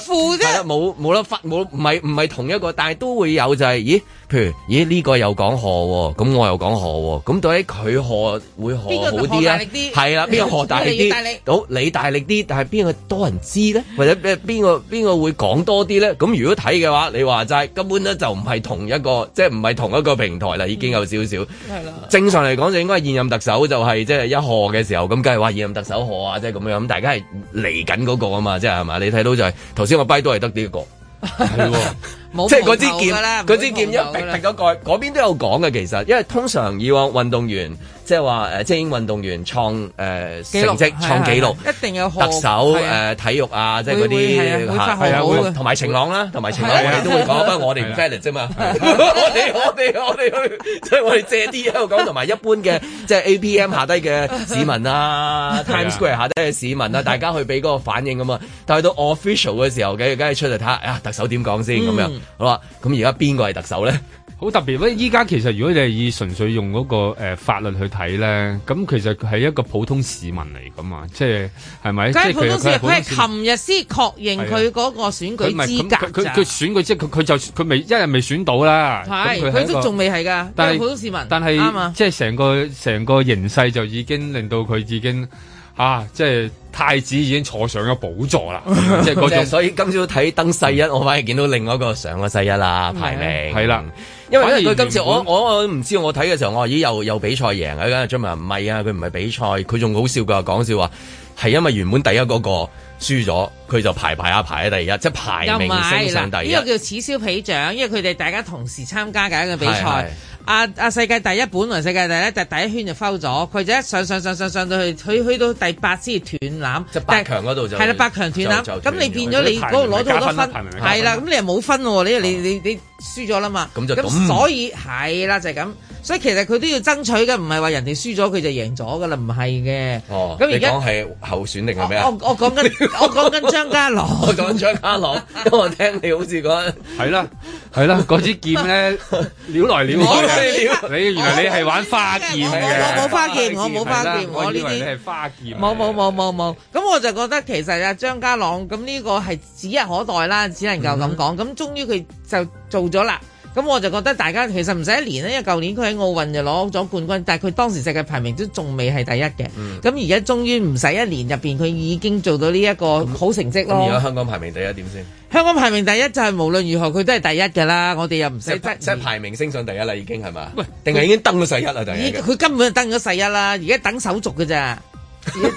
啦，冇冇得發，冇唔係唔係同一個，但係都會有就係、是，咦？譬如咦呢、這個又講賀，咁、嗯、我又講賀，咁、嗯、到底佢賀會賀好啲咧？係啦，邊個賀大力啲？大力，你 *laughs* 大力。 *laughs* 大力啲，但係邊個多人知咧？或者邊邊個邊個會講多啲咧？咁如果睇嘅話，你話齋根本咧就唔係同一個，即係唔係同一個平台啦，已經有少少係啦。嗯、正常嚟講就應該現任特首就係即係一賀嘅時候，咁梗係話現任特首賀啊，即係咁樣。咁大家係嚟緊嗰個啊嘛，即係係嘛？你睇到就係頭先我跛都係得呢個。 *laughs* *laughs* *laughs* 即係嗰支劍，嗰支劍一劈劈嗰句，嗰邊都有講嘅。其實，因為通常以往運動員，即係話誒精英運動員創誒成績，創紀錄，一定有特首誒體育啊，即係嗰啲係啊，同埋晴朗啦，同埋晴朗我哋都會講，不過我哋唔 f a i l 啫嘛。我哋我哋我哋去即係我哋借啲喺度講，同埋一般嘅即係 APM 下低嘅市民啊，Times Square 下低嘅市民啊，大家去俾嗰個反應咁嘛。但係到 official 嘅時候嘅，梗係出嚟睇啊特首點講先咁樣。好啦，咁而家邊個係特首咧？好特別，因為依家其實如果你係以純粹用嗰、嗰個誒、呃、法律去睇咧，咁其實佢係一個普通市民嚟噶嘛，即係係咪？即係普，普，普通市民，佢係琴日先確認佢嗰個選舉資格。佢佢選舉佢即係佢佢就佢未，一日未選到啦。係，佢都仲未係噶。但係普通市民，但係，即係成個成個形勢就已經令到佢已經。啊！即係太子已經坐上咗寶座啦， *laughs* 即係嗰種。 *laughs* 所以今朝睇登世一，嗯、我反而見到另外一個上咗世一啦，排名係啦。啊、因為佢今次我我我唔知，我睇嘅時候我話咦，又又比賽贏啊張文唔係啊，佢唔係比賽，佢仲好笑噶，講笑話係因為原本第一嗰個輸咗。佢就排排下排喺第一，即係排名升上第一。呢個叫此消彼長，因為佢哋大家同時參加緊一個比賽。阿阿世界第一本來世界第一，第一圈就摟咗，佢就一上上上上上到去，佢去到第八先斷纜。即八強嗰度就係啦，八強斷纜。咁你變咗你嗰度攞到好多分，係啦。咁你又冇分喎，你你你你輸咗啦嘛。咁就咁，所以係啦，就係咁。所以其實佢都要爭取嘅，唔係話人哋輸咗佢就贏咗噶啦，唔係嘅。哦，咁而家係候選定係咩我我講緊我講緊張家朗，我講張家朗，因為我聽你好似講係啦，係啦，嗰支劍咧撩來撩去，你原來你係玩花劍嘅，我冇花劍，我冇花劍，我呢啲，我以為你係花劍。冇冇冇冇冇，咁我就覺得其實啊，張家朗咁呢個係指日可待啦，只能夠咁講。咁終於佢就做咗啦。咁我就覺得大家其實唔使一年咧，因為舊年佢喺奧運就攞咗冠軍，但係佢當時世界排名都仲未係第一嘅。咁而家終於唔使一年入邊，佢已經做到呢一個好成績咯。而家香港排名第一點先？香港排名第一就係、是、無論如何佢都係第一㗎啦。我哋又唔使即，即排名升上第一啦，已經係嘛？喂，定係已經登咗世一啦？第一，佢根本就登咗世一啦，而家等手續㗎咋。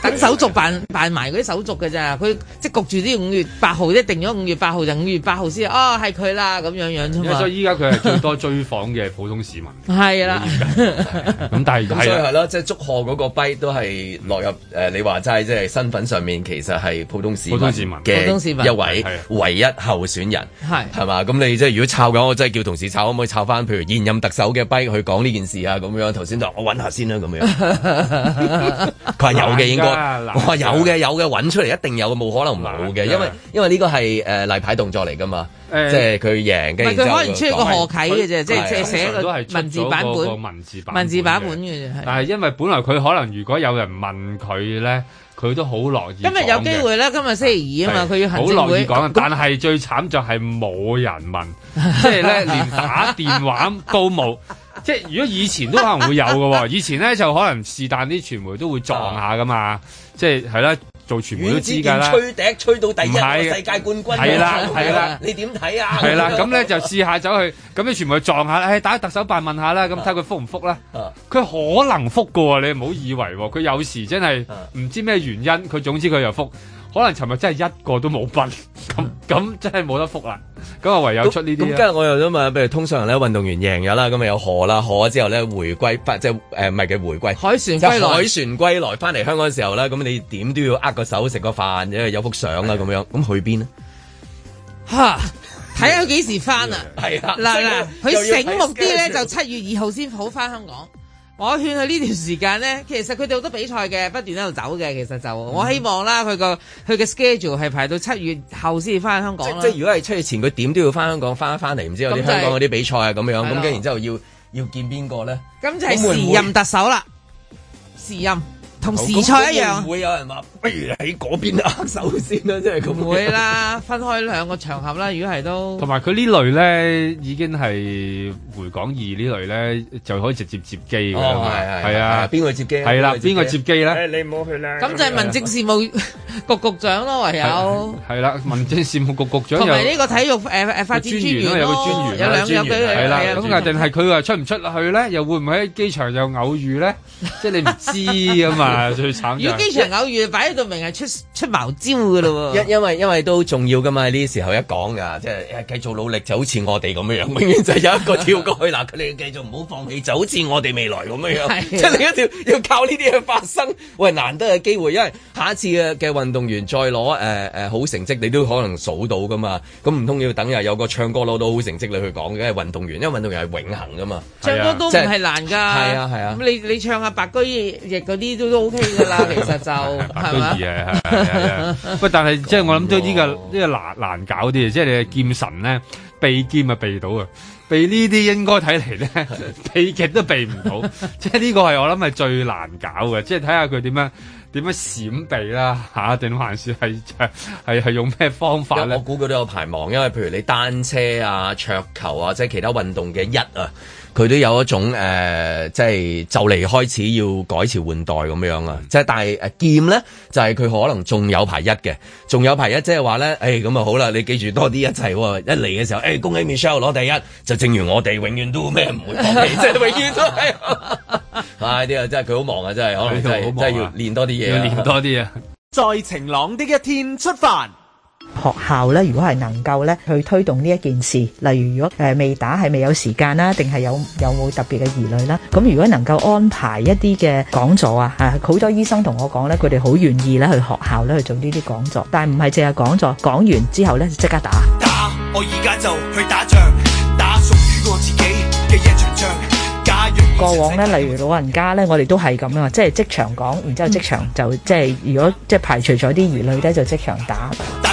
等手續辦辦埋嗰啲手續嘅咋，佢即焗住啲五月八號即定咗五月八號就五月八號先，哦係佢啦咁樣樣啫嘛。所以依家佢係最多追訪嘅普通市民。係啦，咁但係所以係咯，即係祝賀嗰個跛都係落入誒，你話齋即係身份上面其實係普通市民。嘅普通市民一位唯一候選人係，係嘛？咁你即係如果炒緊，我真係叫同事炒，可唔可以炒返？譬如現任特首嘅跛去講呢件事啊咁樣。頭先就我揾下先啦咁樣。佢話有。應該我話有嘅，有嘅，搵出嚟一定有，冇可能冇嘅、啊，因為因為呢個係誒例牌動作嚟噶嘛，欸、即係佢贏嘅。佢可能出一個何啟嘅啫，即係寫係寫個文字版本文字版本嘅啫。但係因為本來佢可能如果有人問佢咧。佢都好樂意。今日有機會啦。今日星期二啊嘛，佢好是樂意講，但係最慘就係冇人問， *laughs* 即係咧連打電話都冇。 *laughs* 即係如果以前都可能會有嘅，以前咧就可能是但啲傳媒都會撞下噶嘛， *laughs* 即係係啦。做全部都知㗎啦，吹笛吹到第一是世界冠軍。係啦係啦，你點睇啊？係啦的，咁咧 *laughs* 就試下走去，咁你全部去撞下，誒打個特首辦問下啦，咁睇佢復唔復啦？佢，啊啊、可能復㗎喎，你唔好以為佢有時真係唔知咩原因，佢總之佢又復。啊啊可能尋日真係一個都冇奔，咁咁真係冇得覆啦。咁啊，唯有出呢啲。咁今日我又想問，譬如通常咧運動員贏咗啦，咁咪有賀啦，賀之後咧回歸，即係誒唔係叫回歸凱旋歸來。凱旋歸來翻嚟香港嘅時候咧，咁你點都要握個手食個飯，因為有幅相啊咁的樣。咁去邊咧？嚇！ *laughs* 睇下佢幾時翻啊？係啦，嗱嗱， *laughs* 佢醒目啲咧，就七月二號先好翻香港。 *laughs* 我勸佢呢段時間咧，其實佢哋好多比賽嘅，不斷喺度走嘅。其實就我希望啦，佢個佢嘅 schedule 係排到七月後先至翻香港。即係如果係七月前，佢點都要翻香港，翻一翻嚟，唔知有啲香港嗰啲比賽啊咁樣。咁跟住然之後要要見邊個咧？咁就係時任特首啦，妹妹時任。同時菜一樣，唔會有人話不如喺嗰邊握手先啦，即係咁。唔會啦，分開兩個場合啦。如果係都同埋佢呢類咧，已經係回港易呢類咧，就可以直接接機。哦，係係啊，邊個接機？係啦，邊個接機咧？誒，你唔好去啦。咁就係民政事務局局長咯，唯有係啦，民政事務局局長同埋呢個體育誒誒發展專員咯，有專員，有兩個畀佢係啦。咁啊，定係佢話出唔出去咧？又會唔會喺機場又偶遇咧？即係你唔知咁啊。係最慘，機場偶遇擺喺度明係出出茅招嘅咯，因因為因為都重要噶嘛，呢時候一講噶，即係繼續努力，就好似我哋咁樣樣，永遠就有一個跳過去，嗱，佢哋要繼續唔好放棄，就好似我哋未來咁樣樣，即係你一定要靠呢啲嘢發生，喂，難得嘅機會，因為下一次嘅嘅運動員再攞誒誒好成績，你都可能數到噶嘛，咁唔通要等日有個唱歌攞到好成績，你去講嘅係運動員，因為運動員係永恆噶嘛，唱歌都唔係難噶，係啊係啊，咁你你唱下白居易嗰啲都。O K 噶啦，其實就都易係啊！不過但係即係我諗到呢、呢個呢、呢個難難搞啲嘅，即係你係劍神咧避劍啊避到啊，避呢啲應該睇嚟咧避極都避唔到， *laughs* 即係呢個係我諗係最難搞嘅，即係睇下佢點樣點樣閃避啦吓，定、啊、還是係係係用咩方法咧？我估佢都有排忙，因為譬如你單車啊、桌球啊，即係其他運動嘅一啊。佢都有一種誒，即係就嚟開始要改朝換代咁樣啊！即係但係誒劍咧，就係佢可能仲有排一嘅，仲有排一，即係話咧，誒咁啊好啦，你記住多啲一齊喎，一嚟嘅時候，誒恭喜 Michelle 攞第一，就正如我哋永遠都咩唔會，即係永遠都係。唉啲啊，真係佢好忙啊，真係可能真係真係要練多啲嘢，練多啲啊！在晴朗的一天出發。學校咧，如果係能夠咧去推動呢一件事，例如如果誒、呃、未打係未有時間啦，定係有有冇特別嘅疑慮啦，咁如果能夠安排一啲嘅講座啊，啊，好多醫生同我講咧，佢哋好願意咧去學校咧去做呢啲講座，但係唔係淨係講座，講完之後咧即刻打。打我而家就去打仗，打屬於我自己嘅一場仗。假若過往咧，例如老人家咧，我哋都係咁樣，就是、即係即場講，然之後即場就即係、嗯、如果即係排除咗啲疑慮咧，就即場打。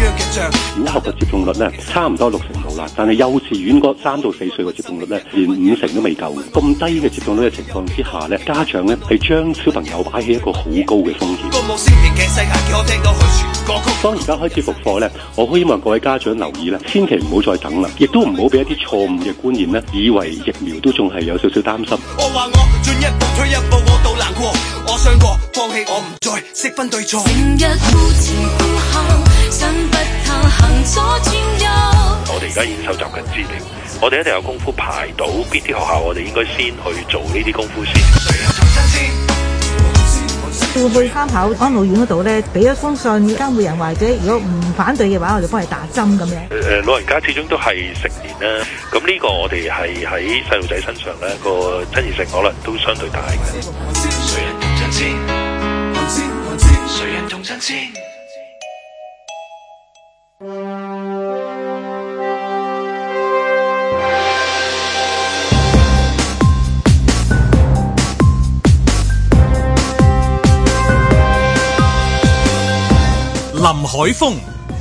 小學嘅接種率呢，差唔多六成度啦。但係幼稚園嗰三到四歲嘅接種率呢，連五成都未夠。咁低嘅接種率嘅情況之下呢，家長呢係將小朋友擺喺一個好高嘅風險。當而家開始復課呢，我希望各位家長留意呢，千祈唔好再等啦，亦都唔好俾一啲錯誤嘅觀念呢，以為疫苗都仲係有少少擔心。我話我進一步，退一步我到難過。我想過放棄，我唔再識分對錯。嗯、我哋而家已經收集緊資料，我哋一定有功夫排到邊啲學校，我哋應該先去做呢啲功夫先。會唔會參考安老院嗰度呢，俾一封信監護人或者如果唔反對嘅話，我就幫你打針咁樣。誒、呃、老人家始終都係成年啦，咁呢個我哋係喺細路仔身上咧，那個爭議性可能都相對大嘅。林海峰，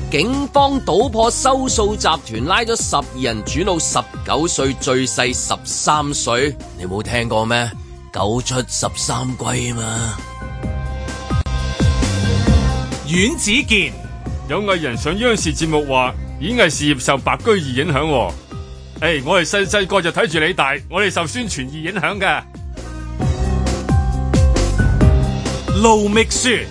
警方搗破收數集團，拉咗十二人，主腦十九歲，最細十三歲，你冇聽過咩？九出十三歸嘛。阮子健，有藝人上央視節目話，演藝事業受白居易影響。誒、欸，我哋細細個就睇住你大，我哋受宣傳而影響嘅。盧覓雪。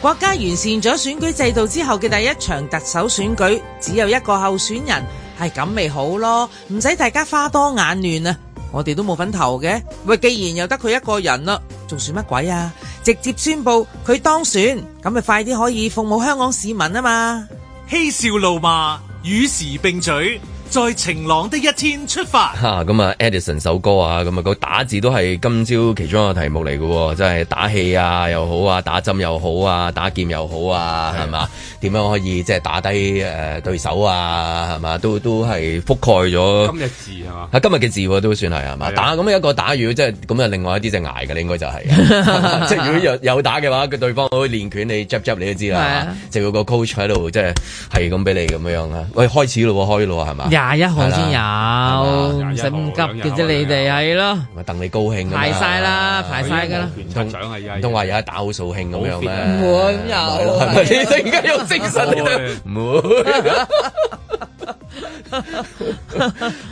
國家完善咗選舉制度之後嘅第一場特首選舉，只有一個候選人，係咁咪好咯？唔使大家花多眼亂啊！我哋都冇份投嘅。喂，既然又得佢一個人啦，仲算乜鬼啊？直接宣布佢當選，咁咪快啲可以服務香港市民啊嘛！嬉笑怒罵，與時並舉。在晴朗的一天出發。吓咁啊，Edison 首歌啊，咁啊個打字都係今朝其中一個題目嚟嘅，即係打氣啊又好啊，打針又好啊，打劍又好啊，係嘛？點樣可以即係打低誒對手啊？係嘛？都都係覆蓋咗今日字係嘛？啊，今日嘅字都算係係嘛？打咁一個打如果即係咁啊，另外一啲就挨嘅，你應該就係。即係如果有打嘅話，佢對方會練拳，你執執你都知啦。係啊，嗰個 coach 喺度，即係係咁俾你咁樣啊。喂，開始咯，開咯，係嘛？廿一號先有，唔使咁急嘅啫，你哋係咯。咪等你高興啊！排晒啦，排晒㗎啦。唔通話有一打好掃興咁樣咩？唔會，有？你突然間有精神咧？唔會。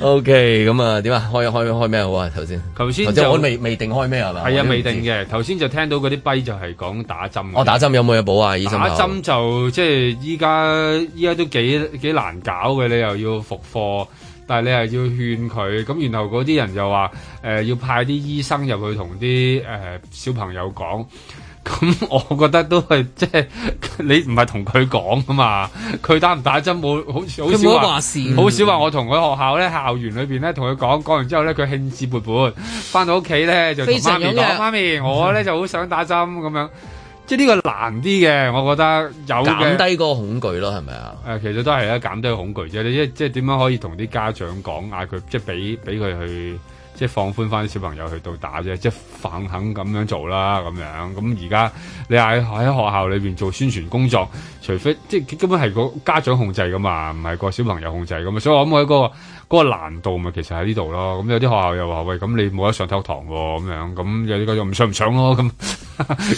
O K，咁啊，點、 *laughs* okay，啊？開一開一開咩好啊？頭先頭先就我未未定開咩係嘛？係啊，啊未定嘅。頭先就聽到嗰啲跛，就係講打針，我打針有冇嘢補啊？醫生打針就即係依家依家都幾幾難搞嘅，你又要復課，但係你又要勸佢，咁然後嗰啲人就話誒、呃、要派啲醫生入去同啲誒小朋友講。咁我覺得都係即係你唔係同佢講噶嘛，佢打唔打針冇好似好少話事，好少話我同佢學校咧、嗯、校園裏邊咧同佢講，講、嗯、完之後咧佢興致勃勃，翻到屋企咧就同媽咪講媽咪，我咧、嗯、就好想打針咁樣，即係呢個難啲嘅，我覺得有減低個恐懼咯，係咪啊？誒，其實都係啊，減低個恐懼啫，即係即係點樣可以同啲家長講，嗌佢即係俾俾佢去。即係放寬翻啲小朋友去到打啫，即係反肯咁樣做啦，咁樣咁而家你喺喺學校裏邊做宣傳工作，除非即係根本係個家長控制噶嘛，唔係個小朋友控制咁，所以咁、嗯、我諗我喺、嗰個、嗰個難度咪其實喺呢度咯。咁、嗯、有啲學校又話喂，咁你冇得上體育堂喎、哦，咁樣咁、嗯、有啲家長又唔上唔上咯，咁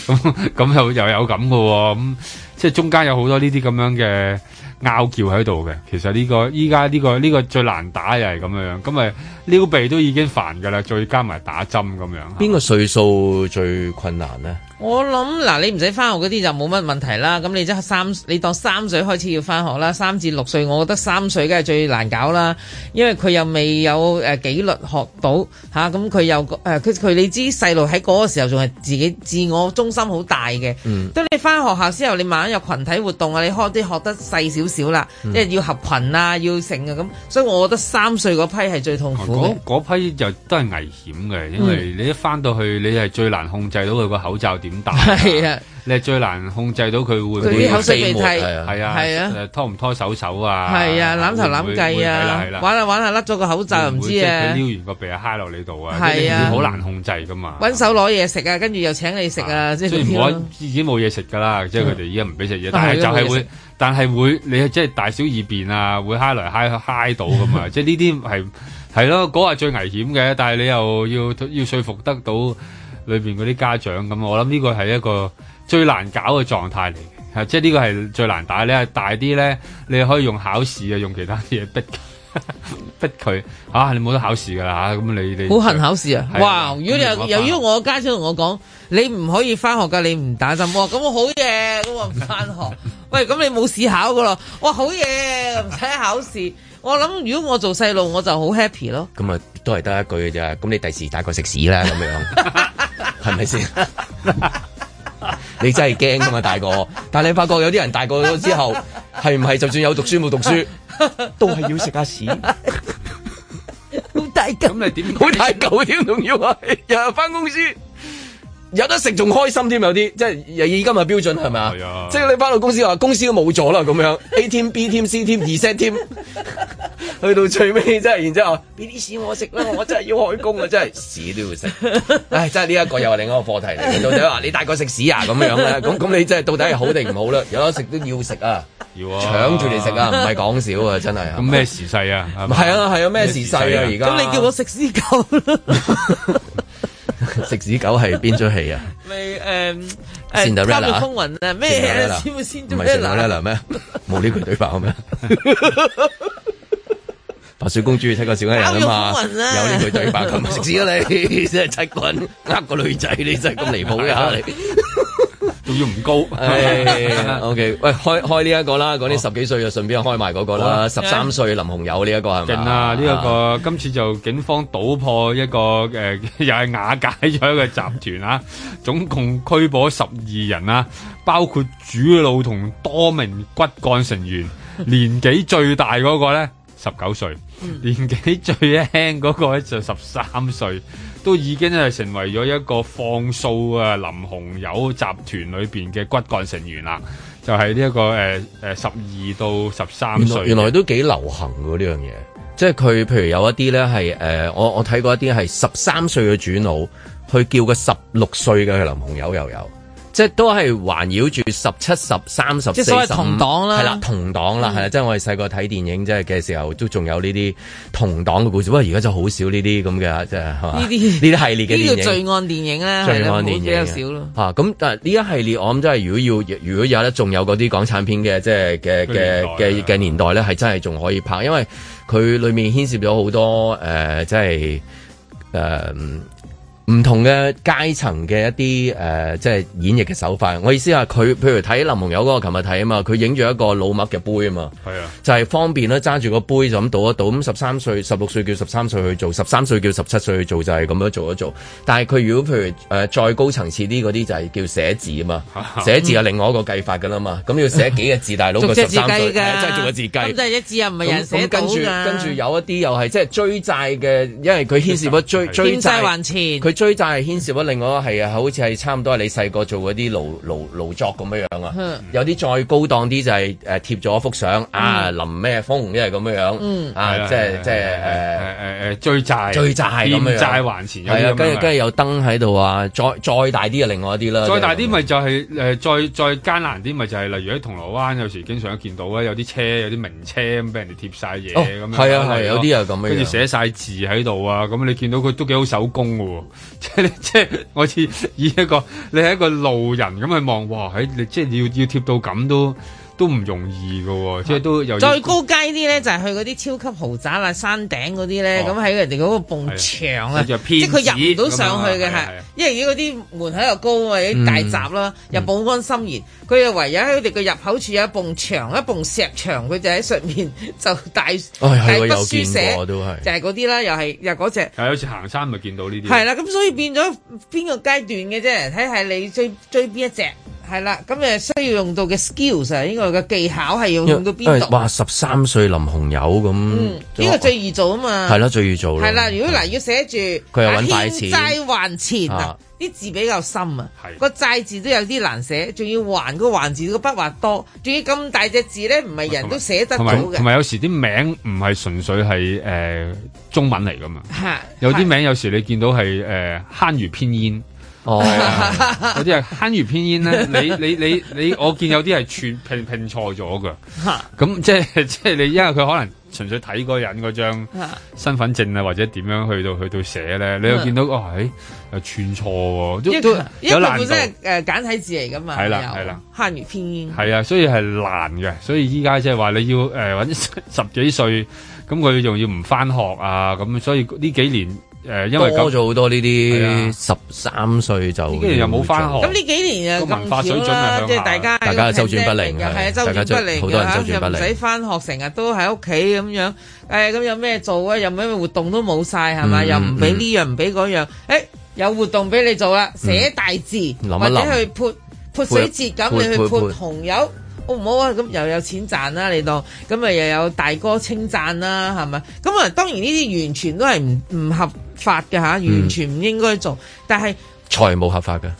咁咁又又有咁嘅喎，咁、嗯、即係中間有好多呢啲咁樣嘅拗撬喺度嘅。其實呢、呢個依家呢個呢、呢個最難打又係咁樣樣咁咪。撩鼻都已經煩㗎啦，再加埋打針咁樣。邊個歲數最困難呢？我諗嗱，你唔使返學嗰啲就冇乜問題啦。咁你即係三，你當三歲開始要返學啦。三至六歲，我覺得三歲梗係最難搞啦，因為佢又未有誒、呃、紀律學到嚇，咁、啊、佢又誒佢佢你知細路喺嗰個時候仲係自己自我中心好大嘅。嗯。當你返學校之後，你慢慢有群體活動啊，你開啲學得細少少啦，嗯、因為要合群啊，要成啊咁，所以我覺得三歲嗰批係最痛苦。嗰嗰批就都係危險嘅，因為你一翻到去，你係最難控制到佢個口罩點戴，你係最難控制到佢會唔會。佢啲口水鼻涕，係啊，係啊，拖唔拖手手啊，係啊，攬頭攬計啊，玩下玩下甩咗個口罩又唔知啊，撩完個鼻啊揩落你度啊，係啊，好難控制噶嘛。揾手攞嘢食啊，跟住又請你食啊，雖然唔可以自己冇嘢食噶啦，即係佢哋依家唔俾食嘢，但係就係會，但係會你即係大小二便啊，會揩來揩去揩到噶嘛，即係呢啲係。係咯，嗰、嗰個最危險嘅，但係你又要要說服得到裏邊嗰啲家長咁，我諗呢個係一個最難搞嘅狀態嚟，係即係呢個係最難打。你係大啲咧，你可以用考試啊，用其他嘢逼 *laughs* 逼佢。吓、啊，你冇得考試噶啦吓，咁你哋好恨考試啊！試啊的哇，如果又由於我家長同我講， *laughs* 你唔可以翻學噶，你唔打針，咁我好嘢，咁我唔翻學。 *laughs* 喂，咁你冇試考噶咯？哇，好嘢，唔使考試。 *laughs* 我諗如果我做細路，我就好 happy 咯。咁啊，都係得一句嘅啫。咁你第時大個食屎啦，咁樣係咪先？ *laughs* 你真係驚㗎嘛，大個。但你發覺有啲人大個咗之後，係唔係就算有讀書冇讀書，都係 *laughs* 要食下屎。好大嚿，咁你點？好大嚿添仲要啊？又係翻公司。有得食仲開心添，有啲即係而而家咪標準係咪啊？啊即係你翻到公司話公司都冇咗啦咁樣，A team B team C team 二 set team *laughs* 去到最尾即係，然之後俾啲屎我食啦，我真係要開工啊，真係屎都要食。唉，真係呢一個又係另一個課題嚟。到底話你大個食屎啊咁樣咧，咁咁你真係到底係好定唔好啦？有得食都要食啊，搶住你食啊，唔係講笑啊，真係。咁咩、啊、吧時勢啊？係啊，係啊，咩、啊、時勢啊？而家咁你叫我食屎狗？ *laughs* 食屎狗係邊出戲啊？咪誒，《監獄風雲》啊，咩《仙劍仙劍》咩？冇呢句對白咩？白雪公主七個小矮人啊嘛，有呢句對白，咁食屎啊你，真係七棍，呃個女仔，你真係咁離譜㗎你！仲要唔高、 *laughs* 哎、？O、okay, K，喂，開開呢一個啦，嗰啲十幾歲就順便開埋嗰個啦，十三歲林雄友呢，這，一個係嘛？勁啊！呢一、啊這個，今次就警方搗破一個誒、呃，又係瓦解咗一個集團啦、啊，總共拘捕十二人啦、啊，包括主腦同多名骨幹成員，年紀最大嗰個咧。 *laughs* 十九歲，年紀最輕嗰個就十三歲，都已經係成為咗一個放數啊淋紅油集團裏邊嘅骨幹成員啦。就係呢一個誒誒、呃、十二到十三歲，原來都幾流行噶呢樣嘢。即係佢譬如有一啲咧係誒，我我睇過一啲係十三歲嘅主腦，去叫個十六歲嘅淋紅油又有。即係都係環繞住十七、十三、十四、十五，即所謂同黨啦，係啦，同黨啦，係啦、嗯，即係我哋細個睇電影即係嘅時候，都仲有呢啲同黨嘅故事。不過而家就好少呢啲咁嘅，即係，係嘛？呢啲呢啲系列嘅呢叫罪案電影啦，罪案電影的比較少咯。吓，咁但係呢一系列，我諗真係如果要如果有得仲有嗰啲港產片嘅，即係嘅嘅嘅嘅年代咧、啊，係真係仲可以拍，因為佢裏面牽涉咗好多誒，即係誒。唔同嘅階層嘅一啲誒，即係演繹嘅手法。我意思係佢，譬如睇林夢友嗰個，琴日睇啊嘛，佢影住一個老麥嘅杯啊嘛，係啊，就係方便咧揸住個杯就咁倒一倒。咁十三歲、十六歲叫十三歲去做，十三歲叫十七歲去做，就係咁樣做一做。但係佢如果譬如誒再高層次啲嗰啲，就係叫寫字啊嘛，寫字係另外一個計法噶啦嘛。咁要寫幾個字大佬個十三做個字雞。咁字又唔係人寫到㗎。跟住跟住，有一啲又係即係追債嘅，因為佢牽涉咗追追債還錢。追債係牽涉咗另外一個係啊，好似係差唔多係你細個做嗰啲勞勞勞作咁樣樣啊。有啲再高檔啲就係誒貼咗一幅相啊，臨咩風，一係咁樣樣啊，即係即係誒誒誒追債追債咁樣樣，債還錢係啊，跟住跟住有燈喺度啊，再再大啲就另外一啲啦。再大啲咪就係誒再再艱難啲咪就係例如喺銅鑼灣有時經常都見到啊，有啲車有啲名車咁俾人哋貼晒嘢咁樣，啊係，有啲又咁樣，跟住寫晒字喺度啊，咁你見到佢都幾好手工喎。 *laughs* 即係你，即係，我似以一個你係一個路人咁去望，哇！喺、哎、你即係你要要貼到咁都。都唔容易嘅喎，即係都有。再高階啲咧，就係去嗰啲超級豪宅啊、山頂嗰啲咧，咁喺人哋嗰個墻啊，即係佢入唔到上去嘅，係因為嗰啲門口又高啊，啲大閘啦，又保安森嚴，佢又唯有喺佢哋嘅入口處有一墻，一墻石墻，佢就喺上面就大大筆書寫，都係就係嗰啲啦，又係又嗰隻，有時行山咪見到呢啲，係啦，咁所以變咗邊個階段嘅啫，睇下你追追邊一隻。係啦，咁誒需要用到嘅 skills 啊，呢個嘅技巧係要用到邊度？哇！十三歲林紅友咁，呢個最易做啊嘛。係啦，最易做啦。係啦，如果嗱要寫住佢又揾大錢，債還錢，啲字比較深啊，個債字都有啲難寫，仲要還個還字個筆畫多，仲要咁大隻字咧，唔係人都寫得到嘅。同埋，有時啲名唔係純粹係誒中文嚟噶嘛，有啲名有時你見到係誒慳如偏煙。哦，有啲係坑如偏焉咧，你你你你，我見有啲係串拼拼錯咗噶，咁 *laughs* 即係即係你，因為佢可能純粹睇嗰人嗰張身份證啊，或者點樣去到去到寫咧， *laughs* 你又見到哦係又串錯，都都有難度，即係誒簡體字嚟噶嘛，係啦係啦，坑如偏焉，係啊， *laughs* 所以係難嘅，所以依家即係話你要誒揾十、呃、十幾歲，咁佢仲要唔翻學啊，咁所以呢幾年。誒，因為交咗好多呢啲十三歲就，跟住又冇翻學，咁呢幾年啊文化水準啊，即係大家大家周轉不靈，係啊，周轉不靈嘅，嚇又唔使翻學，成日都喺屋企咁樣，誒咁有咩做啊？又咩活動都冇晒，係咪？又唔俾呢樣唔俾嗰樣，誒有活動俾你做啦，寫大字，或者去潑潑水節咁，你去潑紅油。哦、好唔好啊？咁又有錢賺啦，你當咁啊又有大哥稱讚啦，係咪？咁啊當然呢啲完全都係唔唔合法嘅嚇，嗯、完全唔應該做。但係財務合法嘅，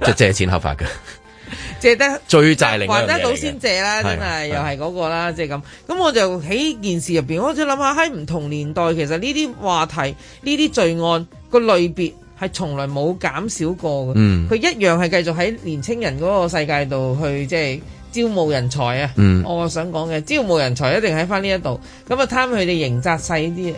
即係 *laughs* 借錢合法嘅， *laughs* 借得最債還得到先借啦，真係又係嗰、嗰個啦，即係咁。咁的的我就喺件事入邊，我就諗下喺唔同年代，其實呢啲話題、呢啲罪案個類別。係從來冇減少過嘅，佢、嗯、一樣係繼續喺年青人嗰個世界度去即係、就是、招募人才啊！嗯、我想講嘅招募人才一定喺翻呢一度，咁啊貪佢哋刑責細啲啊！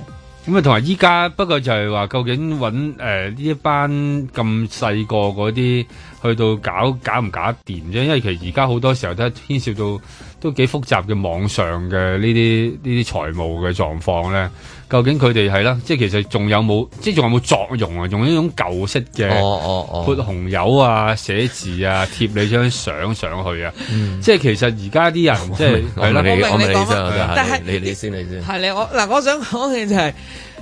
咁啊同埋依家不過就係話究竟揾誒呢一班咁細個嗰啲去到搞搞唔搞得掂啫？因為其實而家好多時候都牽涉到都幾複雜嘅網上嘅呢啲呢啲財務嘅狀況咧。究竟佢哋係啦，即係其實仲有冇，即係仲有冇作用啊？用呢種舊式嘅潑紅油啊、寫字啊、貼你張相上去啊，嗯、即係其實而家啲人即係係啦，我我你講，但係你，你先，你，你先係你我嗱，我想講嘅就係、是、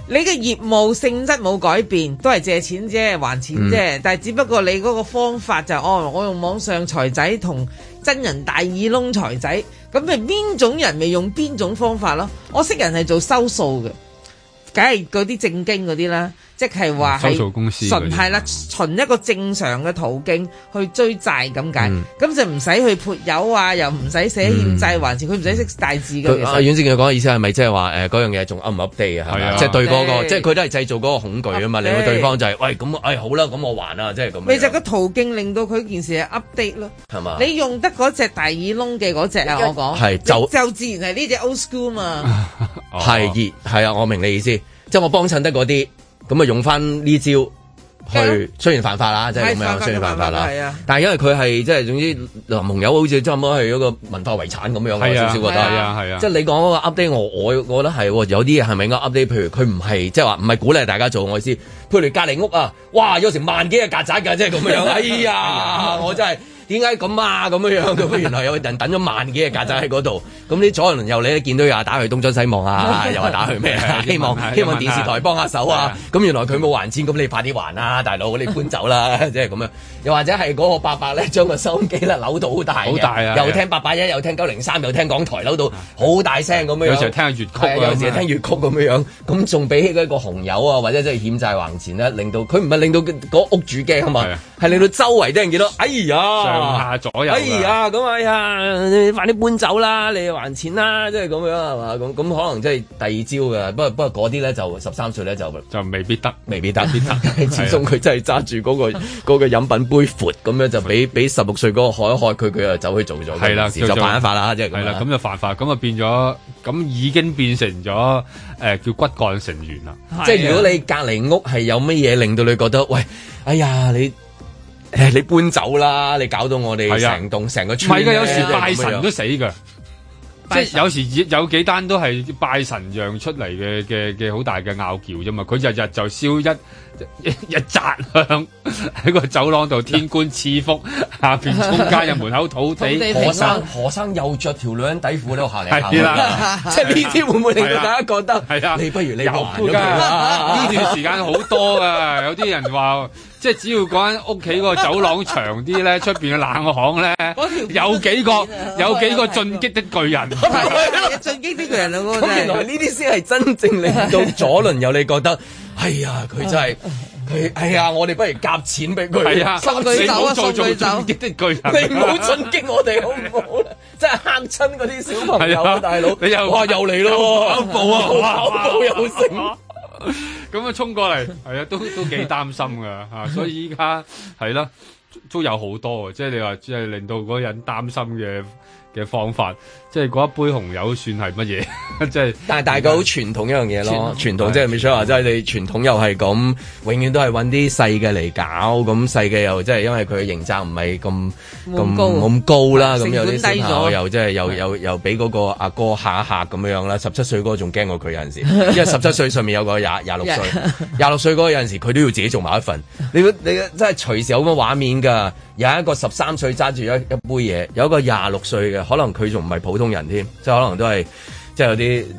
你嘅業務性質冇改變，都係借錢啫，還錢啫，嗯、但係只不過你嗰個方法就是、哦，我用網上財仔同真人大耳窿財仔，咁咪邊種人咪用邊種方法咯？我識人係做收數嘅。梗係嗰啲正經嗰啲啦。即係話係純係啦，純一個正常嘅途徑去追債咁解，咁就唔使去潑油啊，又唔使寫欠債還錢，佢唔使識大字嘅。阿阮志健講嘅意思係咪即係話誒嗰樣嘢仲 update 啊？係啊，即係對嗰個即係佢都係製造嗰個恐懼啊嘛？令到對方就係喂，咁誒好啦，咁我還啦，即係咁。你就個途徑令到佢件事 update 咯，係嘛？你用得嗰隻大耳窿嘅嗰隻啊，我講係就就自然係呢隻 old school 嘛。係係係啊，我明你意思，即係我幫襯得嗰啲。咁啊，用翻呢招去，雖然犯法啦，即係咁樣，雖然犯法啦，但係因為佢係即係總之，農友好似差唔多係一個文化遺產咁樣，有少少覺得係啊，係啊，即係你講嗰個 update，我我我覺得係有啲嘢係咪應該 update，譬如佢唔係即係話唔係鼓勵大家做我意思，譬如隔離屋啊，哇，有成萬幾隻曱甴㗎，即係咁樣， *laughs* 哎呀， *laughs* 我真係～點解咁啊？咁樣樣咁，原來有人等咗萬幾隻曱甴喺嗰度。咁你左鄰右里咧見到又打去東張西望啊，又話打去咩？希望希望電視台幫下手啊。咁原來佢冇還錢，咁你快啲還啊，大佬你搬走啦，即係咁樣。又或者係嗰個伯伯咧，將個收音機咧扭到好大，又聽八八一，又聽九零三，又聽港台，扭到好大聲咁樣。有時聽粵曲，有時聽粵曲咁樣樣。咁仲俾嗰一個紅油啊，或者即係欠債還錢咧，令到佢唔係令到嗰屋主驚啊嘛，係令到周圍啲人見到，哎呀～五下左右。哎呀，咁哎呀，你快啲搬走啦！你還錢啦，即係咁樣係嘛？咁咁可能即係第二招噶不過不過嗰啲咧就十三歲咧就就未必得，未必得，未必得。始終佢真係揸住嗰個嗰個飲品杯闊，咁咧就俾俾十六歲嗰個害一害佢，佢又走去做咗。係啦，叫做犯一犯啦，即係咁啦。係啦，咁就犯法，咁啊變咗，咁已經變成咗誒叫骨幹成員啦。即係如果你隔籬屋係有乜嘢令到你覺得，喂，哎呀你。哎、你搬走啦！你搞到我哋成棟成個村，唔係㗎，有時拜神都死㗎，神即係有時有幾單都係拜神讓出嚟嘅嘅嘅好大嘅拗撬啫嘛，佢日日就燒一。一一紮響喺個走廊度，天官賜福下邊中街入門口土地，何生何生又着條女人底褲喺度行嚟行。即係呢啲會唔會令到大家覺得？係啊，你不如你又搬呢段時間好多噶，有啲人話，即係只要講緊屋企個走廊長啲咧，出邊嘅冷巷咧，有幾個有幾個進擊的巨人，進擊的巨人啊！原來呢啲先係真正令到左輪有你覺得。係啊，佢真係佢係啊，我哋不如夾錢俾佢，殺佢走啊，殺佢再啲啲巨人，你唔好進擊我哋好唔好？真係嚇親嗰啲小朋友啊，大佬，你又哇又嚟咯，恐怖啊，哇，恐怖又成，咁啊衝過嚟，係啊，都都幾擔心噶吓，所以依家係啦，都有好多啊，即係你話即係令到嗰人擔心嘅嘅方法。即係嗰一杯紅油算係乜嘢？即 *laughs* 係、就是，但係大家好傳統一樣嘢咯。傳統即係咪想話即係你傳統又係咁，永遠都係揾啲細嘅嚟搞。咁細嘅又即係，因為佢嘅刑責唔係咁咁咁高啦。成本低咗、嗯的，又即係又又又俾嗰個阿哥嚇一嚇咁樣樣啦。十七歲嗰個仲驚過佢有陣時，因為十七歲上面有個廿廿六歲，廿六 *laughs* 歲嗰個有陣時佢都要自己做埋一份。你你，你真係隨時有個畫面㗎，有一個十三歲揸住一一杯嘢，有一個廿六歲嘅，可能佢仲唔係普通。人添，即係 *music* 可能都係，即係有啲，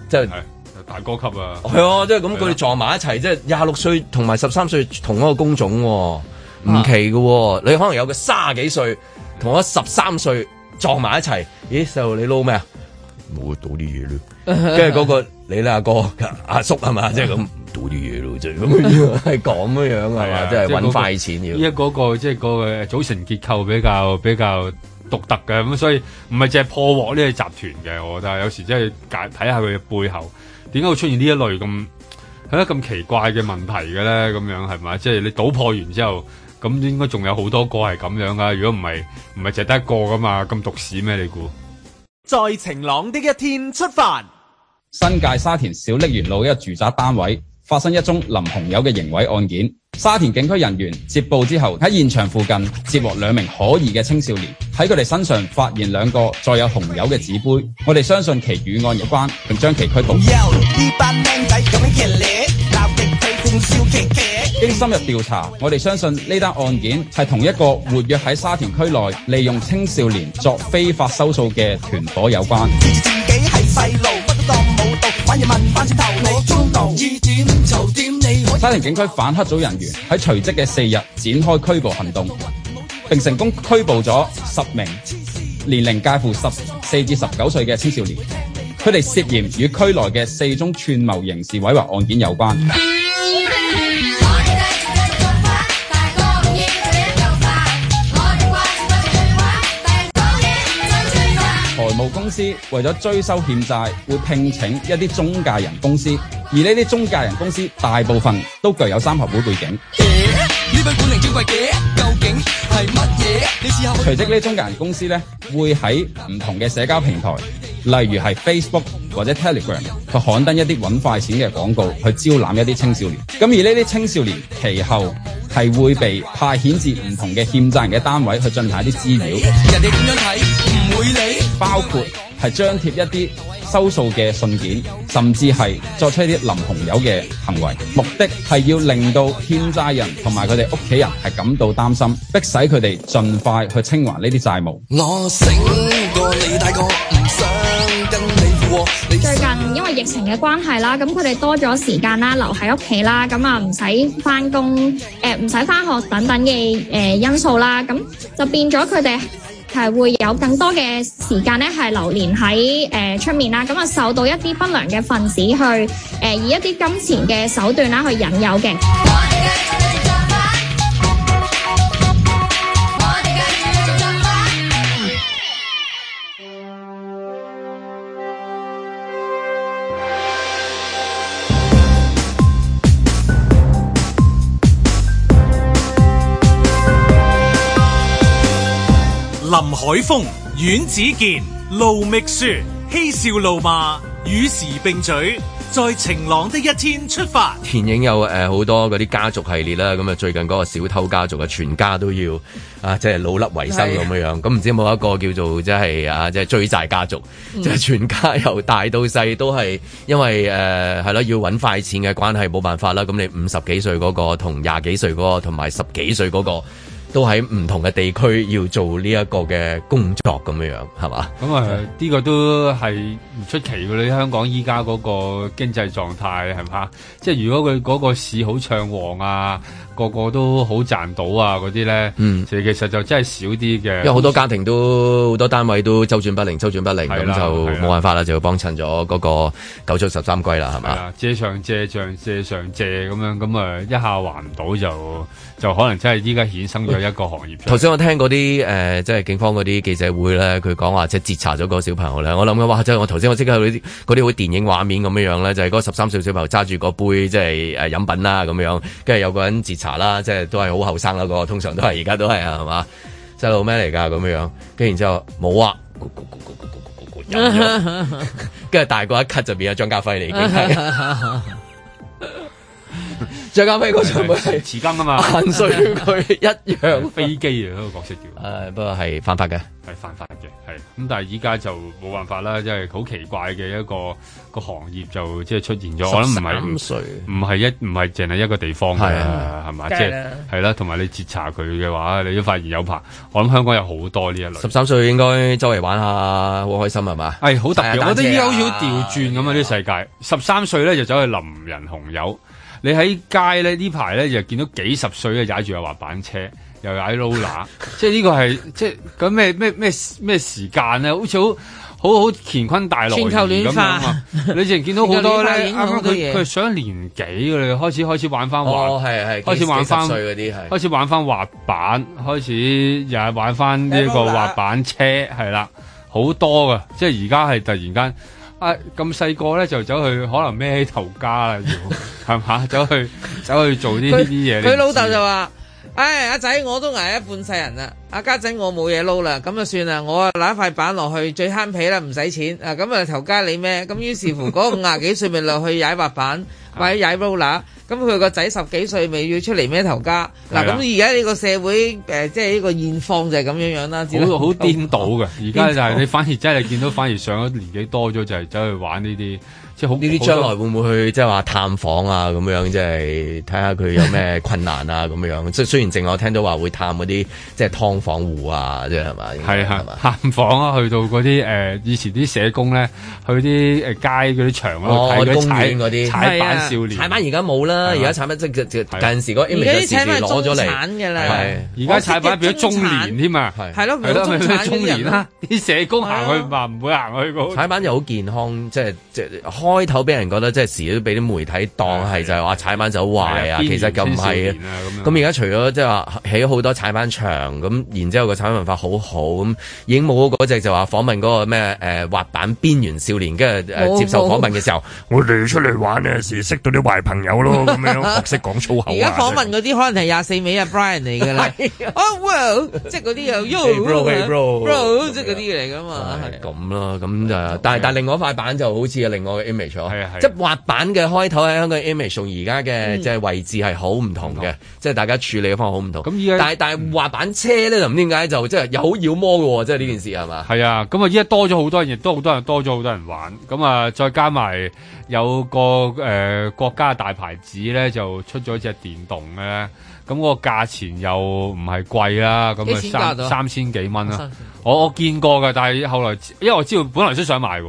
即係、欸、大哥級啊，係哦，啊、即係咁佢哋撞埋一齊，即係廿六歲同埋十三歲同一個工種，哦，唔奇噶、哦，啊、你可能有個卅幾歲同我十三歲撞埋一齊，咦，細路，你撈咩啊？冇倒啲嘢咯，跟住嗰個你咧，阿哥阿叔係嘛，即係咁倒啲嘢咯，即係咁樣係講咁樣啊，即係搵快錢，因為嗰個即係、嗰個組成結構比較比較。獨特嘅咁，所以唔係淨係破獲呢個集團嘅，我覺得有時真係解睇下佢嘅背後點解會出現呢一類咁，吓咁奇怪嘅問題嘅咧，咁樣係咪？即係、就是、你搗破完之後，咁應該仲有好多個係咁樣噶。如果唔係，唔係淨得一個噶嘛，咁獨市咩？你估？在晴朗的一天出發，新界沙田小瀝源路一個住宅單位發生一宗淋紅油嘅刑毀案件。沙田警區人員接報之後，喺現場附近接獲兩名可疑嘅青少年，喺佢哋身上發現兩個載有紅油嘅紙杯，我哋相信其與案有關，並將其拘捕。經深入調查，我哋相信呢單案件係同一個活躍喺沙田區內利用青少年作非法收數嘅團伙有關。沙田警區反黑組人員喺隨即嘅四日展開拘捕行動，並成功拘捕咗十名年齡介乎十四至十九歲嘅青少年，佢哋涉嫌與區內嘅四宗串謀刑事毀壞案件有關。公司為咗追收欠債，會聘請一啲中介人公司，而呢啲中介人公司大部分都具有三合會背景。隨即呢，啲中介人公司咧會喺唔同嘅社交平台，例如係 Facebook 或者 Telegram，去刊登一啲搵快錢嘅廣告，去招攬一啲青少年。咁而呢啲青少年其後係會被派遣至唔同嘅欠債人嘅單位去進行一啲資料。人哋點樣睇？會理，包括係張貼一啲收數嘅信件，甚至係作出一啲淋紅油嘅行為，目的係要令到欠債人同埋佢哋屋企人係感到擔心，迫使佢哋儘快去清還呢啲債務。最近因為疫情嘅關係啦，咁佢哋多咗時間啦，留喺屋企啦，咁啊唔使翻工，誒唔使翻學等等嘅誒因素啦，咁就變咗佢哋。係會有更多嘅時間咧，係流連喺呃、出面，受到一啲不良嘅分子去、呃、以一啲金錢嘅手段去引誘嘅。海峰、阮子健、盧覓雪、嬉笑怒罵，與時並舉，在晴朗的一天出發。電影有誒好多嗰啲家族系列啦，咁啊最近嗰個小偷家族啊，全家都要老啊，即係老笠為生咁樣樣。咁唔知有冇一個叫做即係啊，即係追債家族，即係、嗯、全家由大到細都係因為誒係咯，要揾快錢嘅關係，冇辦法啦。咁你五十幾歲嗰個，同廿幾歲嗰個，同埋十幾歲嗰個。都喺唔同嘅地區要做呢一個嘅工作咁樣樣，係嘛？咁、嗯這個、啊，呢個都係唔出奇嘅。你香港依家嗰個經濟狀態係嘛？即係如果佢嗰個市好暢旺啊！個個都好賺到啊！嗰啲咧，嗯，其實就真係少啲嘅，因為好多家庭都好、嗯、多單位都周轉不靈，周轉不靈咁的就冇辦法啦，的就要幫襯咗嗰個九出十三歸啦，係嘛的？借上借上借上借咁樣，咁啊一下還唔到就就可能真係依家衍生咗一個行業。頭先我聽嗰啲誒，即係警方嗰啲記者會咧，佢講話即係截查咗個小朋友咧，我諗哇！即係我頭先我即刻嗰啲嗰啲好似電影畫面咁樣樣咧，就係、是、嗰十三歲小朋友揸住個杯即係誒飲品啦咁樣，跟住有個人截查。啦，即係都係好後生嗰個，通常都係而家都係啊，係嘛？細路咩嚟㗎咁樣樣，跟然之後冇啊，飲咗，跟住大個一刻就變咗張家輝嚟，已經 *laughs* *laughs* 最後尾嗰場咪匙羹啊嘛，萬歲佢一樣 *laughs* 飛機啊嗰個角色叫，誒、啊、不過係犯法嘅，係犯法嘅，係咁但係依家就冇辦法啦，即係好奇怪嘅一個一個，一個行業就即係出現咗，歲我諗唔係咁歲，唔係一唔係淨係一個地方嘅係嘛，即係係啦，同埋吧、就是啊、你截查佢嘅話，你都發現有排。我諗香港有好多呢一類，十三歲應該周圍玩下好開心係嘛，係好、哎、特別，啊啊、我覺得依家好似調轉咁啊啲世界，十三歲咧就走去淋人紅油。你喺街咧呢排咧就見到幾十歲啊踩住阿滑板車，又踩 roller 即係呢個係即係咁咩咩咩咩時間咧？好似好好好乾坤大挪移咁樣啊！你之前見到好多咧，啱啱佢佢上年紀㗎你開始開始玩翻滑，開始玩翻幾十歲嗰啲係，哦、開始玩翻滑板，開始又係玩翻呢個滑板車係啦，好多嘅，即係而家係突然間。啊！咁細個咧就走去，可能孭起頭家啦，係嘛？ *laughs* 走去走去做呢啲嘢。佢老豆就話。唉，阿仔、哎、我都捱一半世人啦。阿家仔我冇嘢撈啦，咁啊算啦。我拿塊板落去最慳皮啦，唔使錢啊。咁啊，頭家你咩？咁於是乎嗰個五廿幾歲咪落去踩滑板， *laughs* 或者踩 roller。咁佢個仔十幾歲咪要出嚟咩？頭家嗱咁而家呢個社會誒、呃，即係呢個現況就係咁樣樣啦。好好顛倒嘅，而家就係、是、到你反而真係見到，反而上咗年紀多咗就係、是、走去玩呢啲。即係呢啲將來會唔會去即係話探訪啊，咁樣，即係睇下佢有咩困難啊咁樣。雖雖然淨我聽到話會探嗰啲即係劏房戶啊，即係係嘛？係啊，探訪啊，去到嗰啲誒以前啲社工咧，去啲誒街嗰啲場嗰度踩啲踩板少年。踩板而家冇啦，而家踩乜即係近近時個 image 攞咗嚟。而家而家踩板變咗中年添啊，係係咯，變咗中年啦。啲社工行去嘛唔會行去踩板又好健康，即係即係。開頭俾人覺得即係時都俾啲媒體當係就係話踩板就壞啊，其實咁唔係啊。咁而家除咗即係話起咗好多踩板場，咁然之後個踩板文化好好，咁已經冇嗰隻就話訪問嗰個咩誒滑板邊緣少年，跟住接受訪問嘅時候，我哋出嚟玩咧，時識到啲壞朋友咯，咁樣學識講粗口。而家訪問嗰啲可能係廿四尾阿 Brian 嚟㗎啦 Oh well，即係嗰啲又 You know，咁啊，即係嗰啲嚟㗎嘛。咁啦，咁就但係但係另外一塊板就好似另外沒錯，係啊，即滑板嘅開頭喺香港 image 而家嘅即位置係好唔同嘅，嗯、即大家處理嘅方法好唔同。咁依家，但係但係滑板車咧就唔知點解就即有妖魔嘅，嗯、即呢件事係嘛？係啊，咁啊依家多咗好多人，亦都好多人多咗好多人玩。咁啊，再加埋有個誒國家大牌子咧，就出咗隻電動嘅。咁個價錢又唔係貴啦，咁啊三三千幾蚊啦。我我見過噶，但係後來因為我知道本來都想買。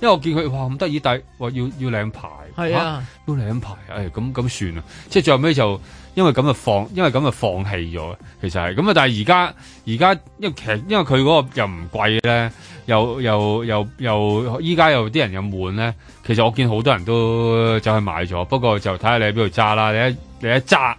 因為我見佢哇咁得意，但係哇要要領牌，係啊，是啊要領牌，哎咁咁算啦，即係最後尾就因為咁就放，因為咁就放棄咗，其實係咁啊，但係而家而家因為其實因為佢嗰個又唔貴咧，又又又又依家有啲人又悶咧，其實我見好多人都走去買咗，不過就睇下你喺邊度揸啦，你一你一揸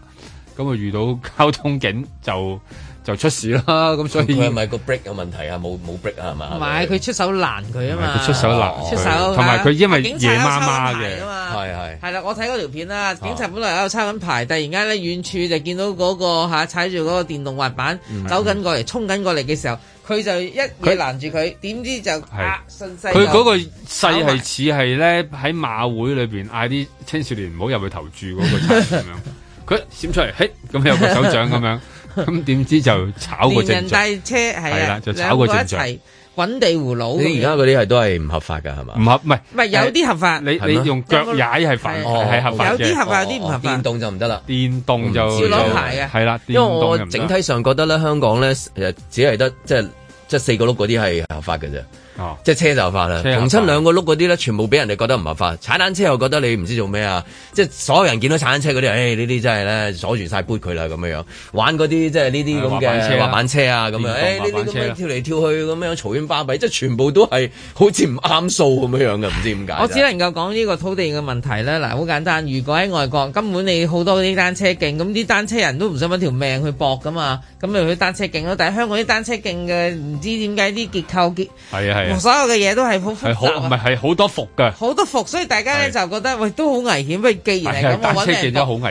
咁啊遇到交通警就。就出事啦，咁所以佢係咪個 break 嘅問題啊？冇冇 break 啊？係嘛？唔係，佢出手攔佢啊嘛！佢出手攔佢，同埋佢因為夜媽媽嘅嘛，係係。係啦，我睇嗰條片啦，警察本來喺度抄緊牌，突然間咧遠處就見到嗰個踩住嗰個電動滑板走緊過嚟，衝緊過嚟嘅時候，佢就一佢攔住佢，點知就佢嗰個勢係似係咧喺馬會裏邊嗌啲青少年唔好入去投注嗰個賊咁樣，佢閃出嚟，嘿，咁有個手掌咁樣。咁點知就炒個連人帶車係啊，兩個人一齊滾地葫蘆。你而家嗰啲係都係唔合法嘅係嘛？唔合唔係唔係有啲合法。你你用腳踩係犯係合法，有啲合法，有啲唔合法。電動就唔得啦，電動就少攞牌啊。係啦，因為我整體上覺得咧，香港咧其實只係得即係即係四個轆嗰啲係合法嘅啫。即係車就法啦，法同親兩個碌嗰啲咧，全部俾人哋覺得唔合法。踩單車又覺得你唔知做咩啊，即係所有人見到踩單車嗰啲，誒呢啲真係咧鎖住晒杯佢啦咁樣樣。玩嗰啲即係呢啲咁嘅滑板車啊咁啊，呢啲咁樣，啊哎，咁樣樣跳嚟跳去咁樣嘈喧巴閉，即係全部都係好似唔啱數咁樣樣嘅，唔知點解。我只能夠講呢個土地嘅問題啦。嗱，好簡單，如果喺外國根本你好多啲單車徑，咁啲單車人都唔想揾條命去搏噶嘛，咁咪去單車徑咯。但係香港啲單車徑嘅唔知點解啲結構結係啊係。所有嘅嘢都係好複雜，係好唔係係好多伏嘅。好多伏，所以大家咧是就覺得喂，都好危險。不如既然係咁，我揾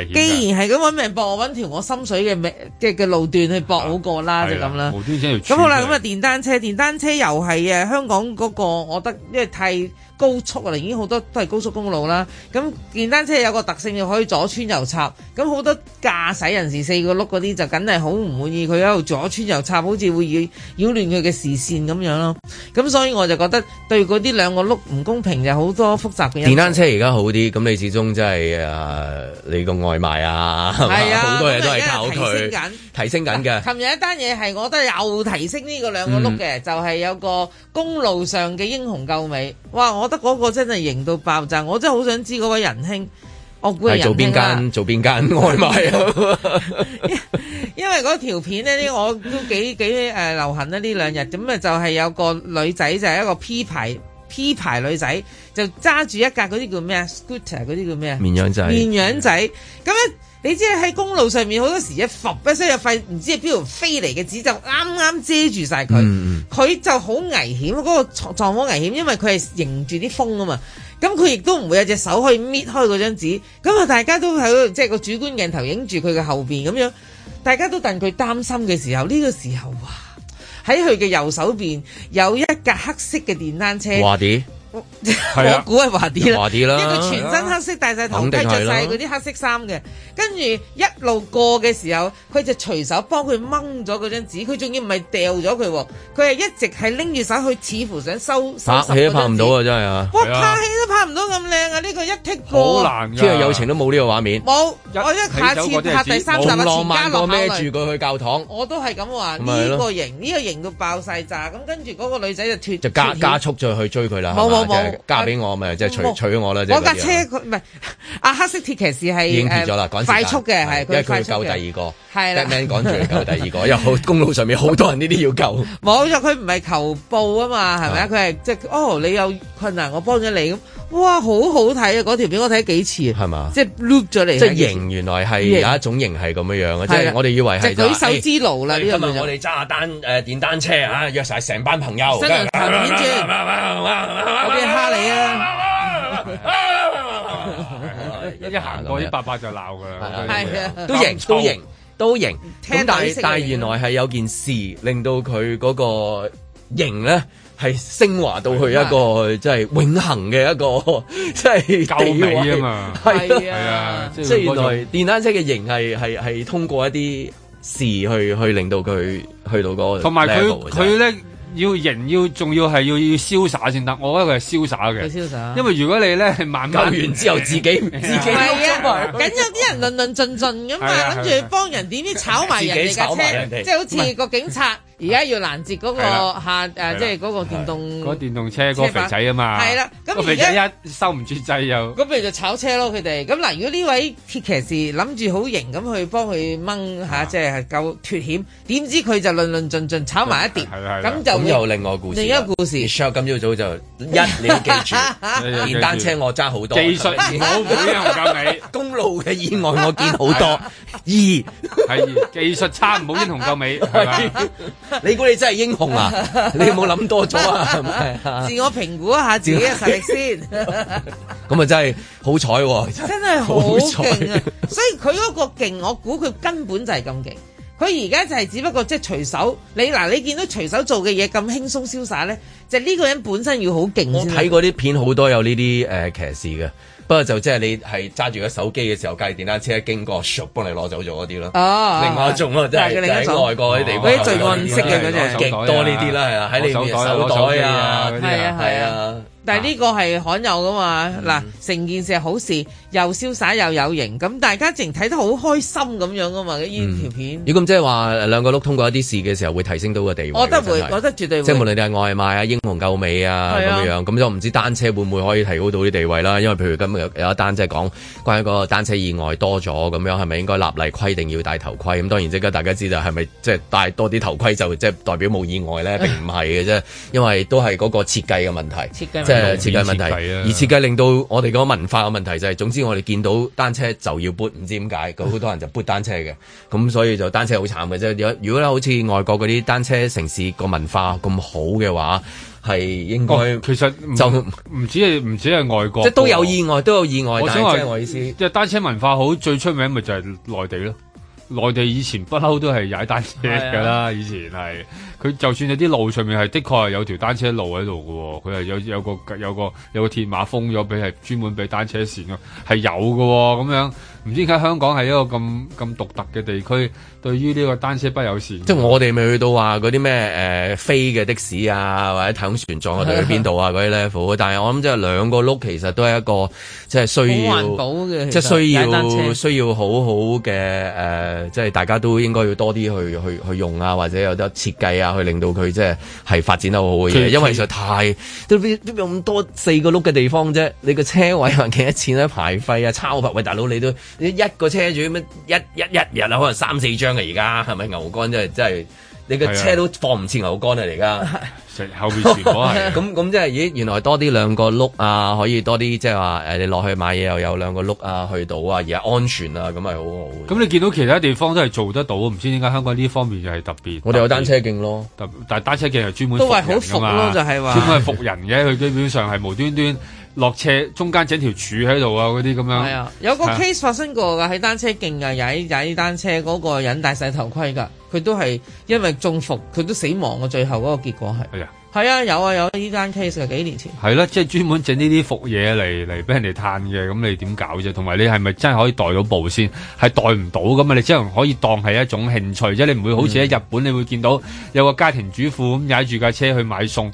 命，既然係咁揾命搏，我揾條我心水嘅嘅嘅路段去搏好過啦，的就咁啦。咁好啦，咁啊電單車，電單車又係啊香港嗰個，我覺得因為太。高速啊，嗱，已經好多都係高速公路啦。咁電單車有個特性，又可以左穿右插。咁好多駕駛人士四個轆嗰啲就梗係好唔滿意佢一路左穿右插，好似會擾亂佢嘅視線咁樣咯。咁所以我就覺得對嗰啲兩個轆唔公平，就好多複雜嘅。電單車而家好啲，咁你始終即係，啊，你個外賣啊，係啊，好多嘢都係靠佢提升緊，提升緊嘅。琴日一單嘢係我都又提升呢個兩個轆嘅，嗯、就係有個公路上嘅英雄救美。哇！我我覺得嗰個真係型到爆炸，我真係好想知嗰位仁兄，我估係做邊間做邊間外賣。因為嗰條片呢，我都幾幾誒流行啦呢兩日，咁啊就係有個女仔就係一個 P 牌 P 牌女仔，就揸住一架嗰啲叫咩啊，scooter 嗰啲叫咩啊，綿羊仔綿羊仔，咁樣。你知喺公路上面好多時一伏一收入塊唔知係邊度飛嚟嘅紙就啱啱遮住晒佢，佢、嗯、就好危險，嗰、那個狀況好危險，因為佢係迎住啲風啊嘛。咁佢亦都唔會有隻手可以搣開嗰張紙。咁啊，大家都喺即係個主觀鏡頭影住佢嘅後邊咁樣，大家都戥佢擔心嘅時候，呢、這個時候哇，喺佢嘅右手邊有一架黑色嘅電單車。我估係滑啲啦，因佢全身黑色大細頭都着晒嗰啲黑色衫嘅，跟住一路過嘅時候，佢就隨手幫佢掹咗嗰張紙，佢仲要唔係掉咗佢，佢係一直係拎住手，佢似乎想收。拍戲都拍唔到啊，真係啊，我拍戲都拍唔到咁靚啊！呢個一剔過，好難嘅，呢友情都冇呢個畫面，冇我一下次拍第三集啊，前加落我孭住佢去教堂，我都係咁話呢個型，呢個型到爆晒炸，咁跟住嗰個女仔就脫就加加速再去追佢啦，即係嫁俾我咪，即係娶取我啦，即係。我架車佢唔係阿黑色鐵騎士係。已經咗啦，趕快速嘅係，因為佢要救第二個。係啦，趕住嚟救第二個，因為公路上面好多人呢啲要救。冇，因佢唔係求報啊嘛，係咪啊？佢係即係哦，你有困難，我幫咗你咁。哇，好好睇啊！嗰條片我睇幾次，係嘛？即係 loop 咗嚟，即係型。原來係有一種型係咁樣樣嘅，即係我哋以為係舉手之勞啦。今日我哋揸單誒電單車啊，約晒成班朋友。新人陳展珠，我驚蝦你啊！一啲行過啲伯伯就鬧噶啦，係啊，都型都型都型。但係但係原來係有件事令到佢嗰個型咧。係升華到去一個即係永恆嘅一個即係救美啊嘛，係咯，係啊，即係原來電單車嘅型係，係係通過一啲事去去令到佢去到嗰個，同埋佢佢咧要型要仲要係要要瀟灑先得，我覺得佢係瀟灑嘅，瀟灑。因為如果你咧係慢慢救完之後自己自己，係啊，緊有啲人論論盡盡噶嘛，諗住幫人點知炒埋人哋嘅車，即係好似個警察。而家要攔截嗰個吓誒，即係嗰個電動電動車個肥仔啊嘛，係啦。咁個肥仔一收唔住掣又咁，不如就炒車咯。佢哋咁嗱，如果呢位鐵騎士諗住好型咁去幫佢掹下，即係夠脫險，點知佢就論論盡盡炒埋一碟。咁就有另外故事。另一個故事，咁早早就一你記住，電單車我揸好多技術唔好英雄救美，公路嘅意外我見好多。二係技術差唔好英雄救美。你估你真係英雄啊？你有冇諗多咗啊！ *laughs* 自我評估一下自己嘅實力先。咁啊，真係好彩。真係好勁啊！所以佢嗰個勁，我估佢根本就係咁勁。佢而家就係只不過即係隨手你嗱，你見到隨手做嘅嘢，咁輕鬆瀟灑咧，就係呢個人本身要好勁。我睇過啲片好多有呢啲誒騎士嘅。不過就即係你係揸住個手機嘅時候，計電單車經過，shot 幫你攞走咗嗰啲咯。哦，另外一種啊，即係喺外國嗰啲地方，嗰啲罪案式嘅嗰種勁多呢啲啦，係啊，喺例如手袋啊，係啊係啊，但係呢個係罕有噶嘛。嗱，成件事係好事。又瀟灑又有型，咁大家淨係睇得好開心咁樣噶嘛？呢、嗯、條片如果即係話兩個碌通過一啲事嘅時候，會提升到個地位。我覺得會，我覺得絕對會。即係無論你係外賣啊、英雄救美啊咁、啊、樣，咁就唔知單車會唔會可以提高到啲地位啦，因為譬如今日有一單即係講關於個單車意外多咗咁樣，係咪應該立例規定要戴頭盔？咁當然即刻大家知道係咪即係戴多啲頭盔就即係代表冇意外咧？並唔係嘅啫，唉因為都係嗰個設計嘅問題，即係設計問題。而設計令到我哋個文化嘅問題就係、是、總之。我哋見到單車就要撥，唔知點解個好多人就撥單車嘅，咁 *laughs* 所以就單車好慘嘅啫。如果如果咧，好似外國嗰啲單車城市個文化咁好嘅話，係應該、哦、其實就唔止係唔止係外國，即都有意外都有意外。都有意外我想是是我意思，即係單車文化好最出名咪就係內地咯。內地以前不嬲都係踩單車㗎啦， *music* 以前係佢就算有啲路上面係的確係有條單車路喺度㗎喎，佢係有有個有個有個鐵馬封咗，俾係專門俾單車線㗎，係有㗎喎咁樣。唔知點解香港係一個咁咁獨特嘅地區，對於呢個單車不友善。即係我哋未去到話嗰啲咩誒飛嘅的士啊，或者太空船撞去邊度啊嗰啲 *laughs* level 但係我諗即係兩個轆其實都係一個即係需要好環保嘅、呃，即係需要需要好好嘅誒，即係大家都應該要多啲去去去用啊，或者有得設計啊，去令到佢即係係發展得好好嘅。其因為其實太都咁多四個轆嘅地方啫，你個車位係幾多錢咧、啊？排費啊，超罰，喂，大佬你都～一個車主乜一一一日啊，可能三四張嘅而家，係咪牛肝？真係真係你個車都放唔切牛肝啊！而家後面全部係咁咁，即係咦？原來多啲兩個碌啊，可以多啲即係話誒，你落去買嘢又有兩個碌啊，去到啊而係安全啊，咁係好。好咁、嗯、你見到其他地方都係做得到，唔知點解香港呢方面就係特別？我哋有單車徑咯，但單車徑又專門都係好服咯，就係是話專門服人嘅，佢 *laughs* 基本上係無端端，端。落斜中間整條柱喺度啊！嗰啲咁樣，係啊，有個 case、啊、發生過噶，喺單車徑啊，踩踩單車嗰個人戴晒頭盔噶，佢都係因為中伏，佢都死亡嘅。最後嗰個結果係係啊，啊，有啊有呢單 case 啊，幾年前係啦、啊，即係專門整呢啲伏嘢嚟嚟畀人哋攤嘅，咁你點搞啫？同埋你係咪真係可以代到步先？係代唔到咁啊！你只能可以當係一種興趣啫，即你唔會好似喺日本，嗯、你會見到有個家庭主婦咁踩住架車去買餸。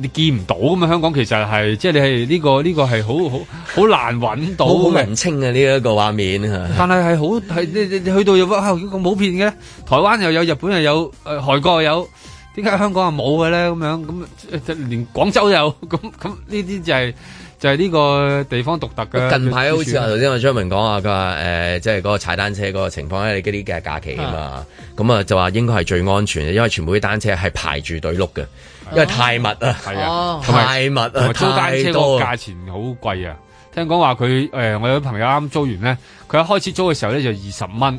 你見唔到咁嘛？香港其實係即係你係呢、這個呢、這個係好好好難揾到，好文青嘅呢一個畫面。但係係好係你你去到又哇點咁普遍嘅？台灣又有，日本又有，誒、呃、韓國又有，點解香港又冇嘅咧？咁樣咁即連廣州都有，咁咁呢啲就係、是。就係呢個地方獨特嘅。近排好似話頭先，我張明講啊，佢話誒，即係嗰個踩單車嗰個情況咧，你嗰啲嘅假期啊嘛，咁啊、嗯、就話應該係最安全嘅，因為全部啲單車係排住隊碌嘅，啊、因為太密啦，啊、太密啦，啊、太多。租單車個價錢好貴啊，聽講話佢誒，我有朋友啱租完呢，佢一開始租嘅時候呢就二十蚊，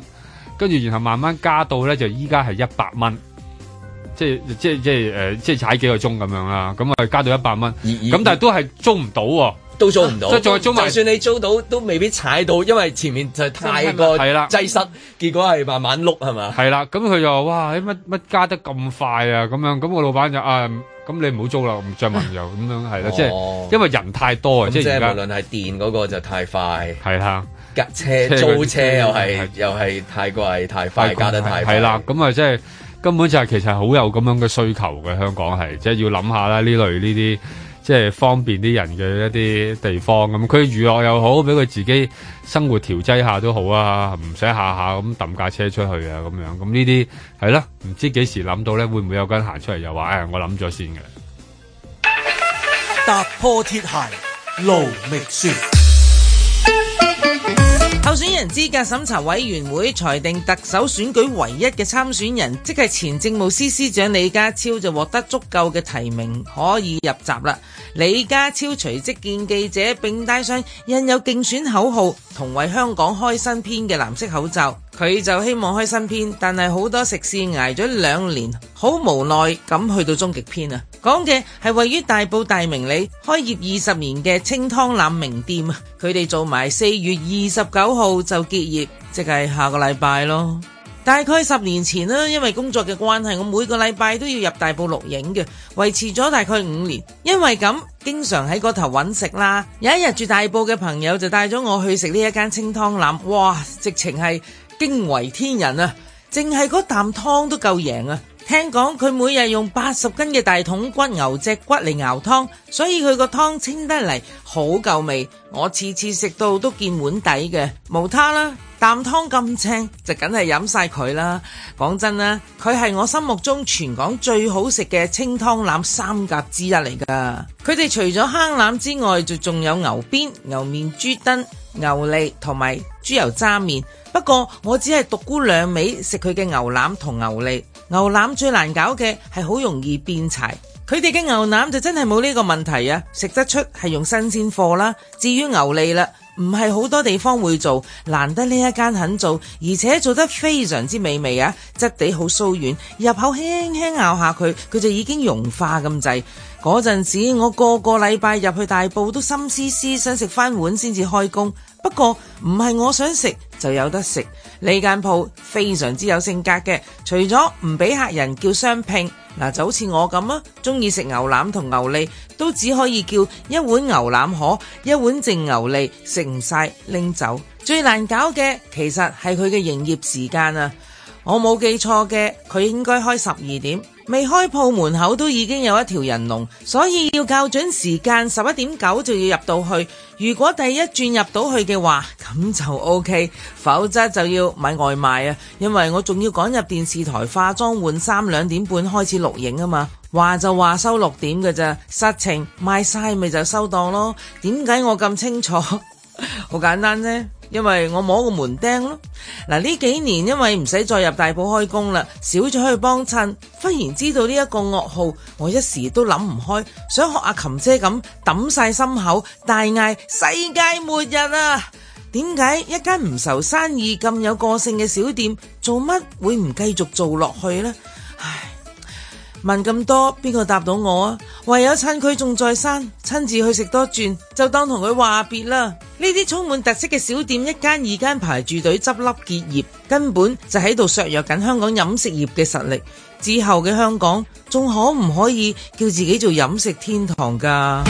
跟住然後慢慢加到呢就依家係一百蚊。即係即係即係誒，即係踩幾個鐘咁樣啦，咁啊加到一百蚊，咁但係都係租唔到，都租唔到。即再租，就算你租到，都未必踩到，因為前面就太過擠塞，結果係慢慢碌係嘛？係啦，咁佢就哇，啲乜乜加得咁快啊，咁樣，咁個老闆就啊，咁你唔好租啦，唔着民又。」咁樣係啦，即係因為人太多啊，即係無論係電嗰個就太快，係啦，隔車租車又係又係太貴太快加得太快，係啦，咁啊即係。根本就係、是、其實好有咁樣嘅需求嘅。香港係，即係要諗下啦呢類呢啲，即係方便啲人嘅一啲地方咁，佢娛樂又好，俾佢自己生活調劑下都好啊，唔使下下咁揼架車出去啊咁樣，咁呢啲係啦，唔知幾時諗到咧，會唔會有個人行出嚟又話，誒、哎、我諗咗先嘅。踏破鐵鞋路未説。選人資格審查委員會裁定特首選舉唯一嘅參選人，即係前政務司司長李家超，就獲得足夠嘅提名，可以入閘啦。李家超隨即見記者，並戴上印有競選口號同為香港開新篇嘅藍色口罩。佢就希望開新片，但係好多食肆挨咗兩年，好無奈咁去到終極篇啊！講嘅係位於大埔大明里開業二十年嘅清湯腩名店，啊，佢哋做埋四月二十九號就結業，即係下個禮拜咯。大概十年前啦，因為工作嘅關係，我每個禮拜都要入大埔錄影嘅，維持咗大概五年。因為咁，經常喺嗰頭揾食啦。有一日住大埔嘅朋友就帶咗我去食呢一間清湯腩，哇！直情係～驚為天人啊！淨係嗰啖湯都夠贏啊！聽講佢每日用八十斤嘅大桶骨牛脊骨嚟熬湯，所以佢個湯清得嚟好夠味。我次次食到都見碗底嘅，無他啦，啖湯咁清就梗係飲晒佢啦。講真啦，佢係我心目中全港最好食嘅清湯腩三甲之一嚟噶。佢哋除咗坑腩之外，就仲有牛鞭、牛面、豬墩、牛脷同埋豬油渣麵。不過我只係獨沽兩味，食佢嘅牛腩同牛脷。牛腩最難搞嘅係好容易變柴，佢哋嘅牛腩就真係冇呢個問題啊，食得出係用新鮮貨啦。至於牛脷啦，唔係好多地方會做，難得呢一間肯做，而且做得非常之美味啊，質地好酥軟，入口輕輕咬下佢，佢就已經融化咁滯。嗰陣時我個個禮拜入去大埔都心思思想食翻碗先至開工，不過唔係我想食就有得食。呢間鋪非常之有性格嘅，除咗唔俾客人叫雙拼，嗱就好似我咁啊，中意食牛腩同牛脷，都只可以叫一碗牛腩河，一碗淨牛脷，食唔晒拎走。最難搞嘅其實係佢嘅營業時間啊，我冇記錯嘅，佢應該開十二點。未開鋪門口都已經有一條人龍，所以要校準時間，十一點九就要入到去。如果第一轉入到去嘅話，咁就 OK，否則就要買外賣啊，因為我仲要趕入電視台化妝換衫，兩點半開始錄影啊嘛。話就話收六點㗎咋，實情賣晒咪就收檔咯。點解我咁清楚？好簡單啫，因為我摸個門釘咯。嗱，呢幾年因為唔使再入大埔開工啦，少咗去幫襯，忽然知道呢一個噩耗，我一時都諗唔開，想學阿琴姐咁抌晒心口，大嗌世界末日啊！點解一間唔愁生意、咁有個性嘅小店，做乜會唔繼續做落去呢？唉。問咁多邊個答到我啊？唯有趁佢仲在生，親自去食多轉，就當同佢話別啦。呢啲充滿特色嘅小店，一間二間排住隊執笠結業，根本就喺度削弱緊香港飲食業嘅實力。之後嘅香港仲可唔可以叫自己做飲食天堂噶？